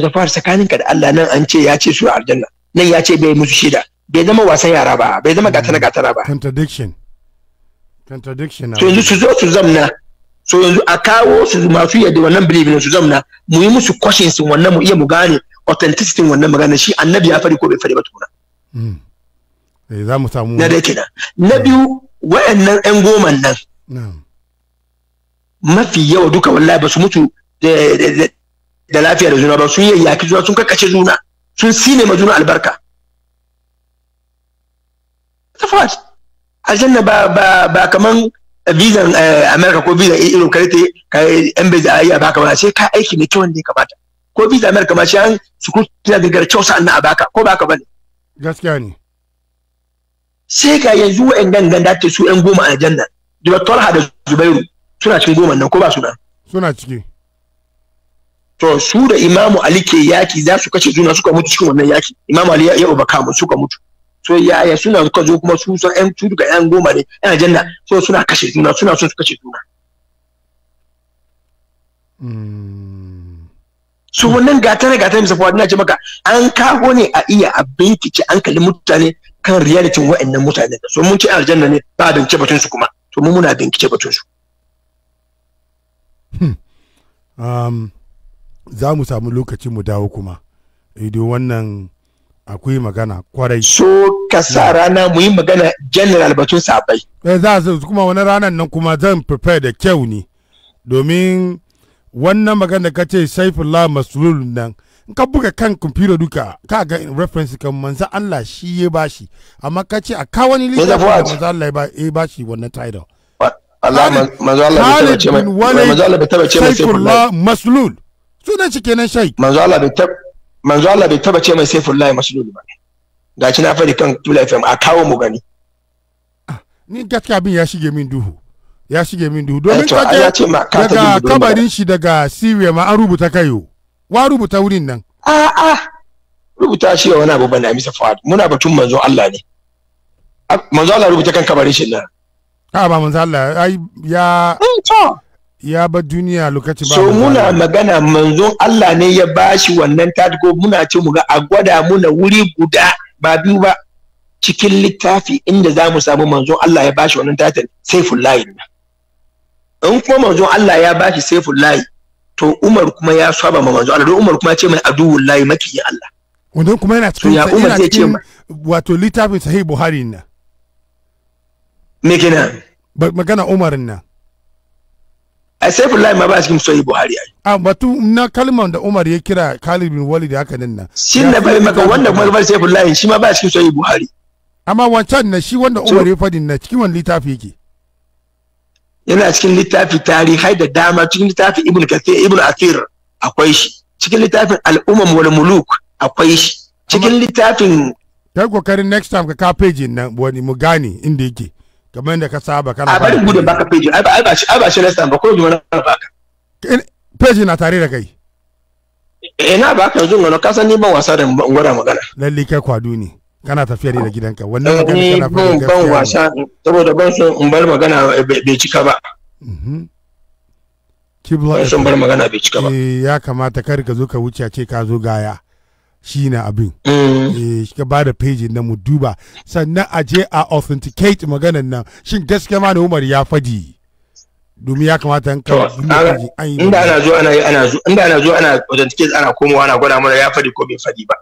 Speaker 2: da fara tsakanin ka da Allah nan an ce ya ce su aljanna nan ya ce bai musu shida bai zama wasan yara ba bai zama gatana gatana ba contradiction
Speaker 1: contradiction so yanzu su
Speaker 2: zo su zamna so yanzu a kawo su masu yadda wannan believe su zamna mu yi musu questions wannan mu iya mu gane authenticity wannan magana shi annabi ya fari ko bai fari ba tukuna
Speaker 1: hmm. eh za mu
Speaker 2: samu na dai kenan na hmm. biyu wayannan yan goman
Speaker 1: nan
Speaker 2: mafi yawa duka wallahi ba su mutu eh, eh, eh, da lafiya da juna ba sun yi yayyaki juna sun kakkace juna sun sine ma juna albarka tafat aljanna ba ba ba kaman eh, vizan eh, Amerika ko vizan irin karete kai yan bai a yi a baka ba sai ka aiki mai kyau wanda ya kamata ko vizan Amerika ma shi an suku tana da garcau sa'an na a baka ko baka bane gaskiya ne sai ga yanzu wa'in gangan da su yan goma a aljanna da talha da zubairu suna cikin goma nan ko ba su suna ciki to su da imamu ali ke yaki za su kashe juna suka mutu cikin wannan yaki imamu ali ya baka mu suka mutu so yaya suna suka zo kuma su san ɗan tudu ga ɗan goma ne yan janna so suna kashe juna suna son su kashe juna hmm. so wannan gatare ne musafa ina ce maka an kago ne a iya a binkice an kalli mutane kan realitin wa'annan mutane so mun ce aljanna ne ba binkice batun su kuma to mun muna binkice batun su
Speaker 1: hmm. um za mu samu lokaci mu dawo kuma ido eh, wannan akwai magana kwarai so ka sa rana mu yi magana
Speaker 2: general batun sabai
Speaker 1: eh za su kuma wani ranar nan kuma zan prepare da kyau ne domin wannan magana ka ce saifullah maslul nan in ka buga kan kwamfuta duka ka ga in reference kan manzo Allah shi ya bashi amma ka ce a ka wani littafi manzo Allah ya bashi wannan title
Speaker 2: Allah manzo Allah ya tabbace mai manzo Allah ya tabbace ce mai saifullah maslul sunan shi kenan shai manzo Allah bai tab manzo Allah bai taba ce mai saifullahi masudu ba gashi na fadi kan tula fm a kawo mu gani
Speaker 1: ah, ni gaskiya bin ya shige min duhu ya shige min duhu domin eh, kaje daga kabarin shi daga Syria ma an rubuta kayo wa rubuta wurin nan
Speaker 2: a a rubuta shi wani abu bane misa fa'ad muna batun manzo Allah ne manzo Allah rubuta kan kabarin shi nan
Speaker 1: a ba manzo Allah ai ya eh, ya ba duniya lokaci ba so muna magana
Speaker 2: manzon Allah ne ya bashi wannan tadgo muna ce mu ga a gwada muna wuri guda ba biyu ba cikin littafi inda za mu samu manzon Allah ya bashi wannan saiful layi. in kuma manzon Allah ya bashi layi to Umar kuma ya saba ma manzon Allah don Umar kuma ya ce mai maki ya Allah wannan kuma yana cikin ya Umar zai ce
Speaker 1: wato littafin sahih Buhari na
Speaker 2: me kenan
Speaker 1: magana Umar na
Speaker 2: a saifu lai ma ba cikin soyi buhari ai
Speaker 1: a ah, batu na kalmar da umar ya kira khalid bin walid haka nan na shi na bai maka wanda kuma bar
Speaker 2: saifu lai shi ma ba cikin soyi buhari
Speaker 1: amma wancan na shi wanda umar ya fadi na cikin wani littafi yake
Speaker 2: yana cikin littafi tarihai da dama cikin littafin ibn kathir ibn athir akwai shi cikin littafin al'umam wal muluk akwai shi cikin littafin
Speaker 1: kai kokarin next time ka ka page nan wani mu gane inda yake kamar da ka saba kana a bari gudun baka
Speaker 2: page ai ba shi ai ba shi lesson ba ko jima na baka page na tare da kai eh na baka yanzu ngano ka san ni ban wasa da ngwara magana
Speaker 1: lalle kai kwadu ne kana tafiya da gidanka wannan eh, magana kana ban ban wasa
Speaker 2: saboda ban so in bar magana eh, bai cika ba mhm.
Speaker 1: kibla ban bar magana bai cika ba eh, ya kamata kar ka zo ka wuce ce ka zo gaya shi na abin mm. eh, ka ba da page na mu duba sannan a je a authenticate maganan nan shin gaskiya ma umar ya fadi domin ya kamata an kawo
Speaker 2: inda ana zo ana yi ana zo inda ana zo ana authenticate ana komowa ana gwada mana ya fadi ko bai fadi ba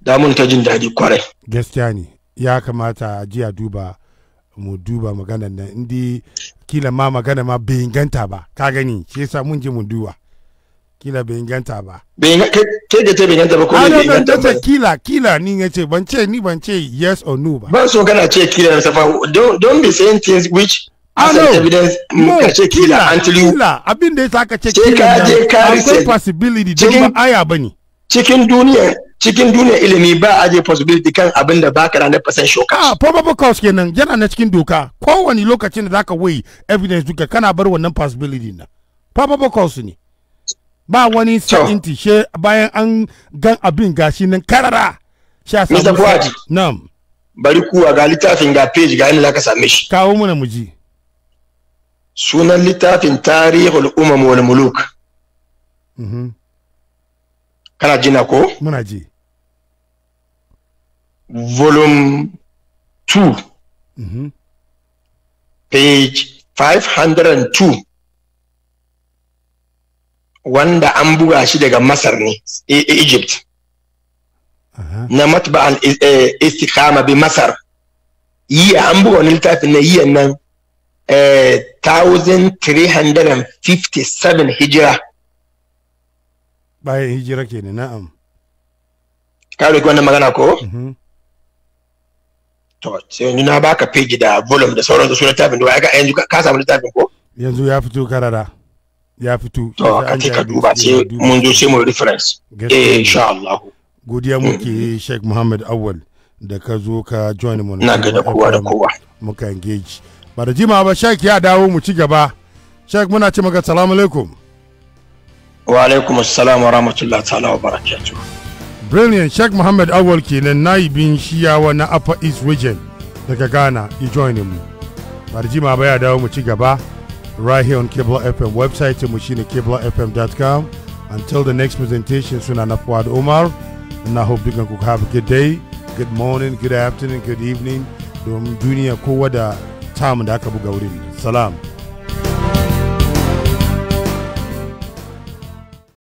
Speaker 2: da mun ta jin daji kwarai
Speaker 1: gaskiya ne ya kamata a je a duba mu duba maganan nan indi kila ma magana ma bai inganta ba ka gani shi yasa mun je mu duba kila bai inganta ba kai da ce bai inganta ba ko bai inganta ba kila kila ni ya ce ban ce ni ban ce yes or no ba
Speaker 2: ban so kana ce kila na safa don be saying things which ah, as an evidence
Speaker 1: no, ka ce kila until you kila abin da ya sa ka ce kila akwai
Speaker 2: possibility don ba aya ni. cikin duniya cikin duniya ilimi ba a je possibility kan abin da baka ranar fasan shoka. Ah,
Speaker 1: probable cause kenan yana na cikin doka kowane lokacin da zaka wai evidence duka kana bar wannan possibility na. Probable cause ne. ba wani sa'inti she bayan an gan abin gashi nan karara sha samu Mr. Fuad na'am bari kuwa ga
Speaker 2: littafin ga page ga inda zaka same shi kawo muna muji sunan littafin tarihul umam wal muluk mhm kana jina ko muna ji volume 2 mm page 502 wanda an buga shi daga masar ne e-, e-, egypt na matba'an e-, istikama bi masar yiya an buga wani littafin na yiyan nan 1357 eh, hijira
Speaker 1: bayan hijira ke ne na'am
Speaker 2: kare roki wannan magana ko mhm. to sai yanzu na baka page da volume da sauransu su littafin da waya ga yanzu ka samu littafin ko
Speaker 1: yanzu ya fito karara ya fito to ka ce ka duba ce mun zo sai mu reference eh insha Allah godiya mm. muke Sheikh Muhammad Awal da ka zo ka join mu na ga da kowa da
Speaker 2: kowa muka engage
Speaker 1: ba da jima ba Sheikh ya dawo mu ci gaba Sheikh muna ce maka salamu alaikum
Speaker 2: wa alaikum assalam wa rahmatullahi ta'ala wa barakatuh
Speaker 1: brilliant Sheikh Muhammad Awal kenan naibin shiyawa na Upper East Region daga Ghana i join mu ba jima ba ya dawo mu ci gaba right here on Kibla FM website, machine KiblaFM.com. Until the next presentation, Sunana Fuad Omar, and I hope you can have a good day, good morning, good afternoon, good evening. Salam.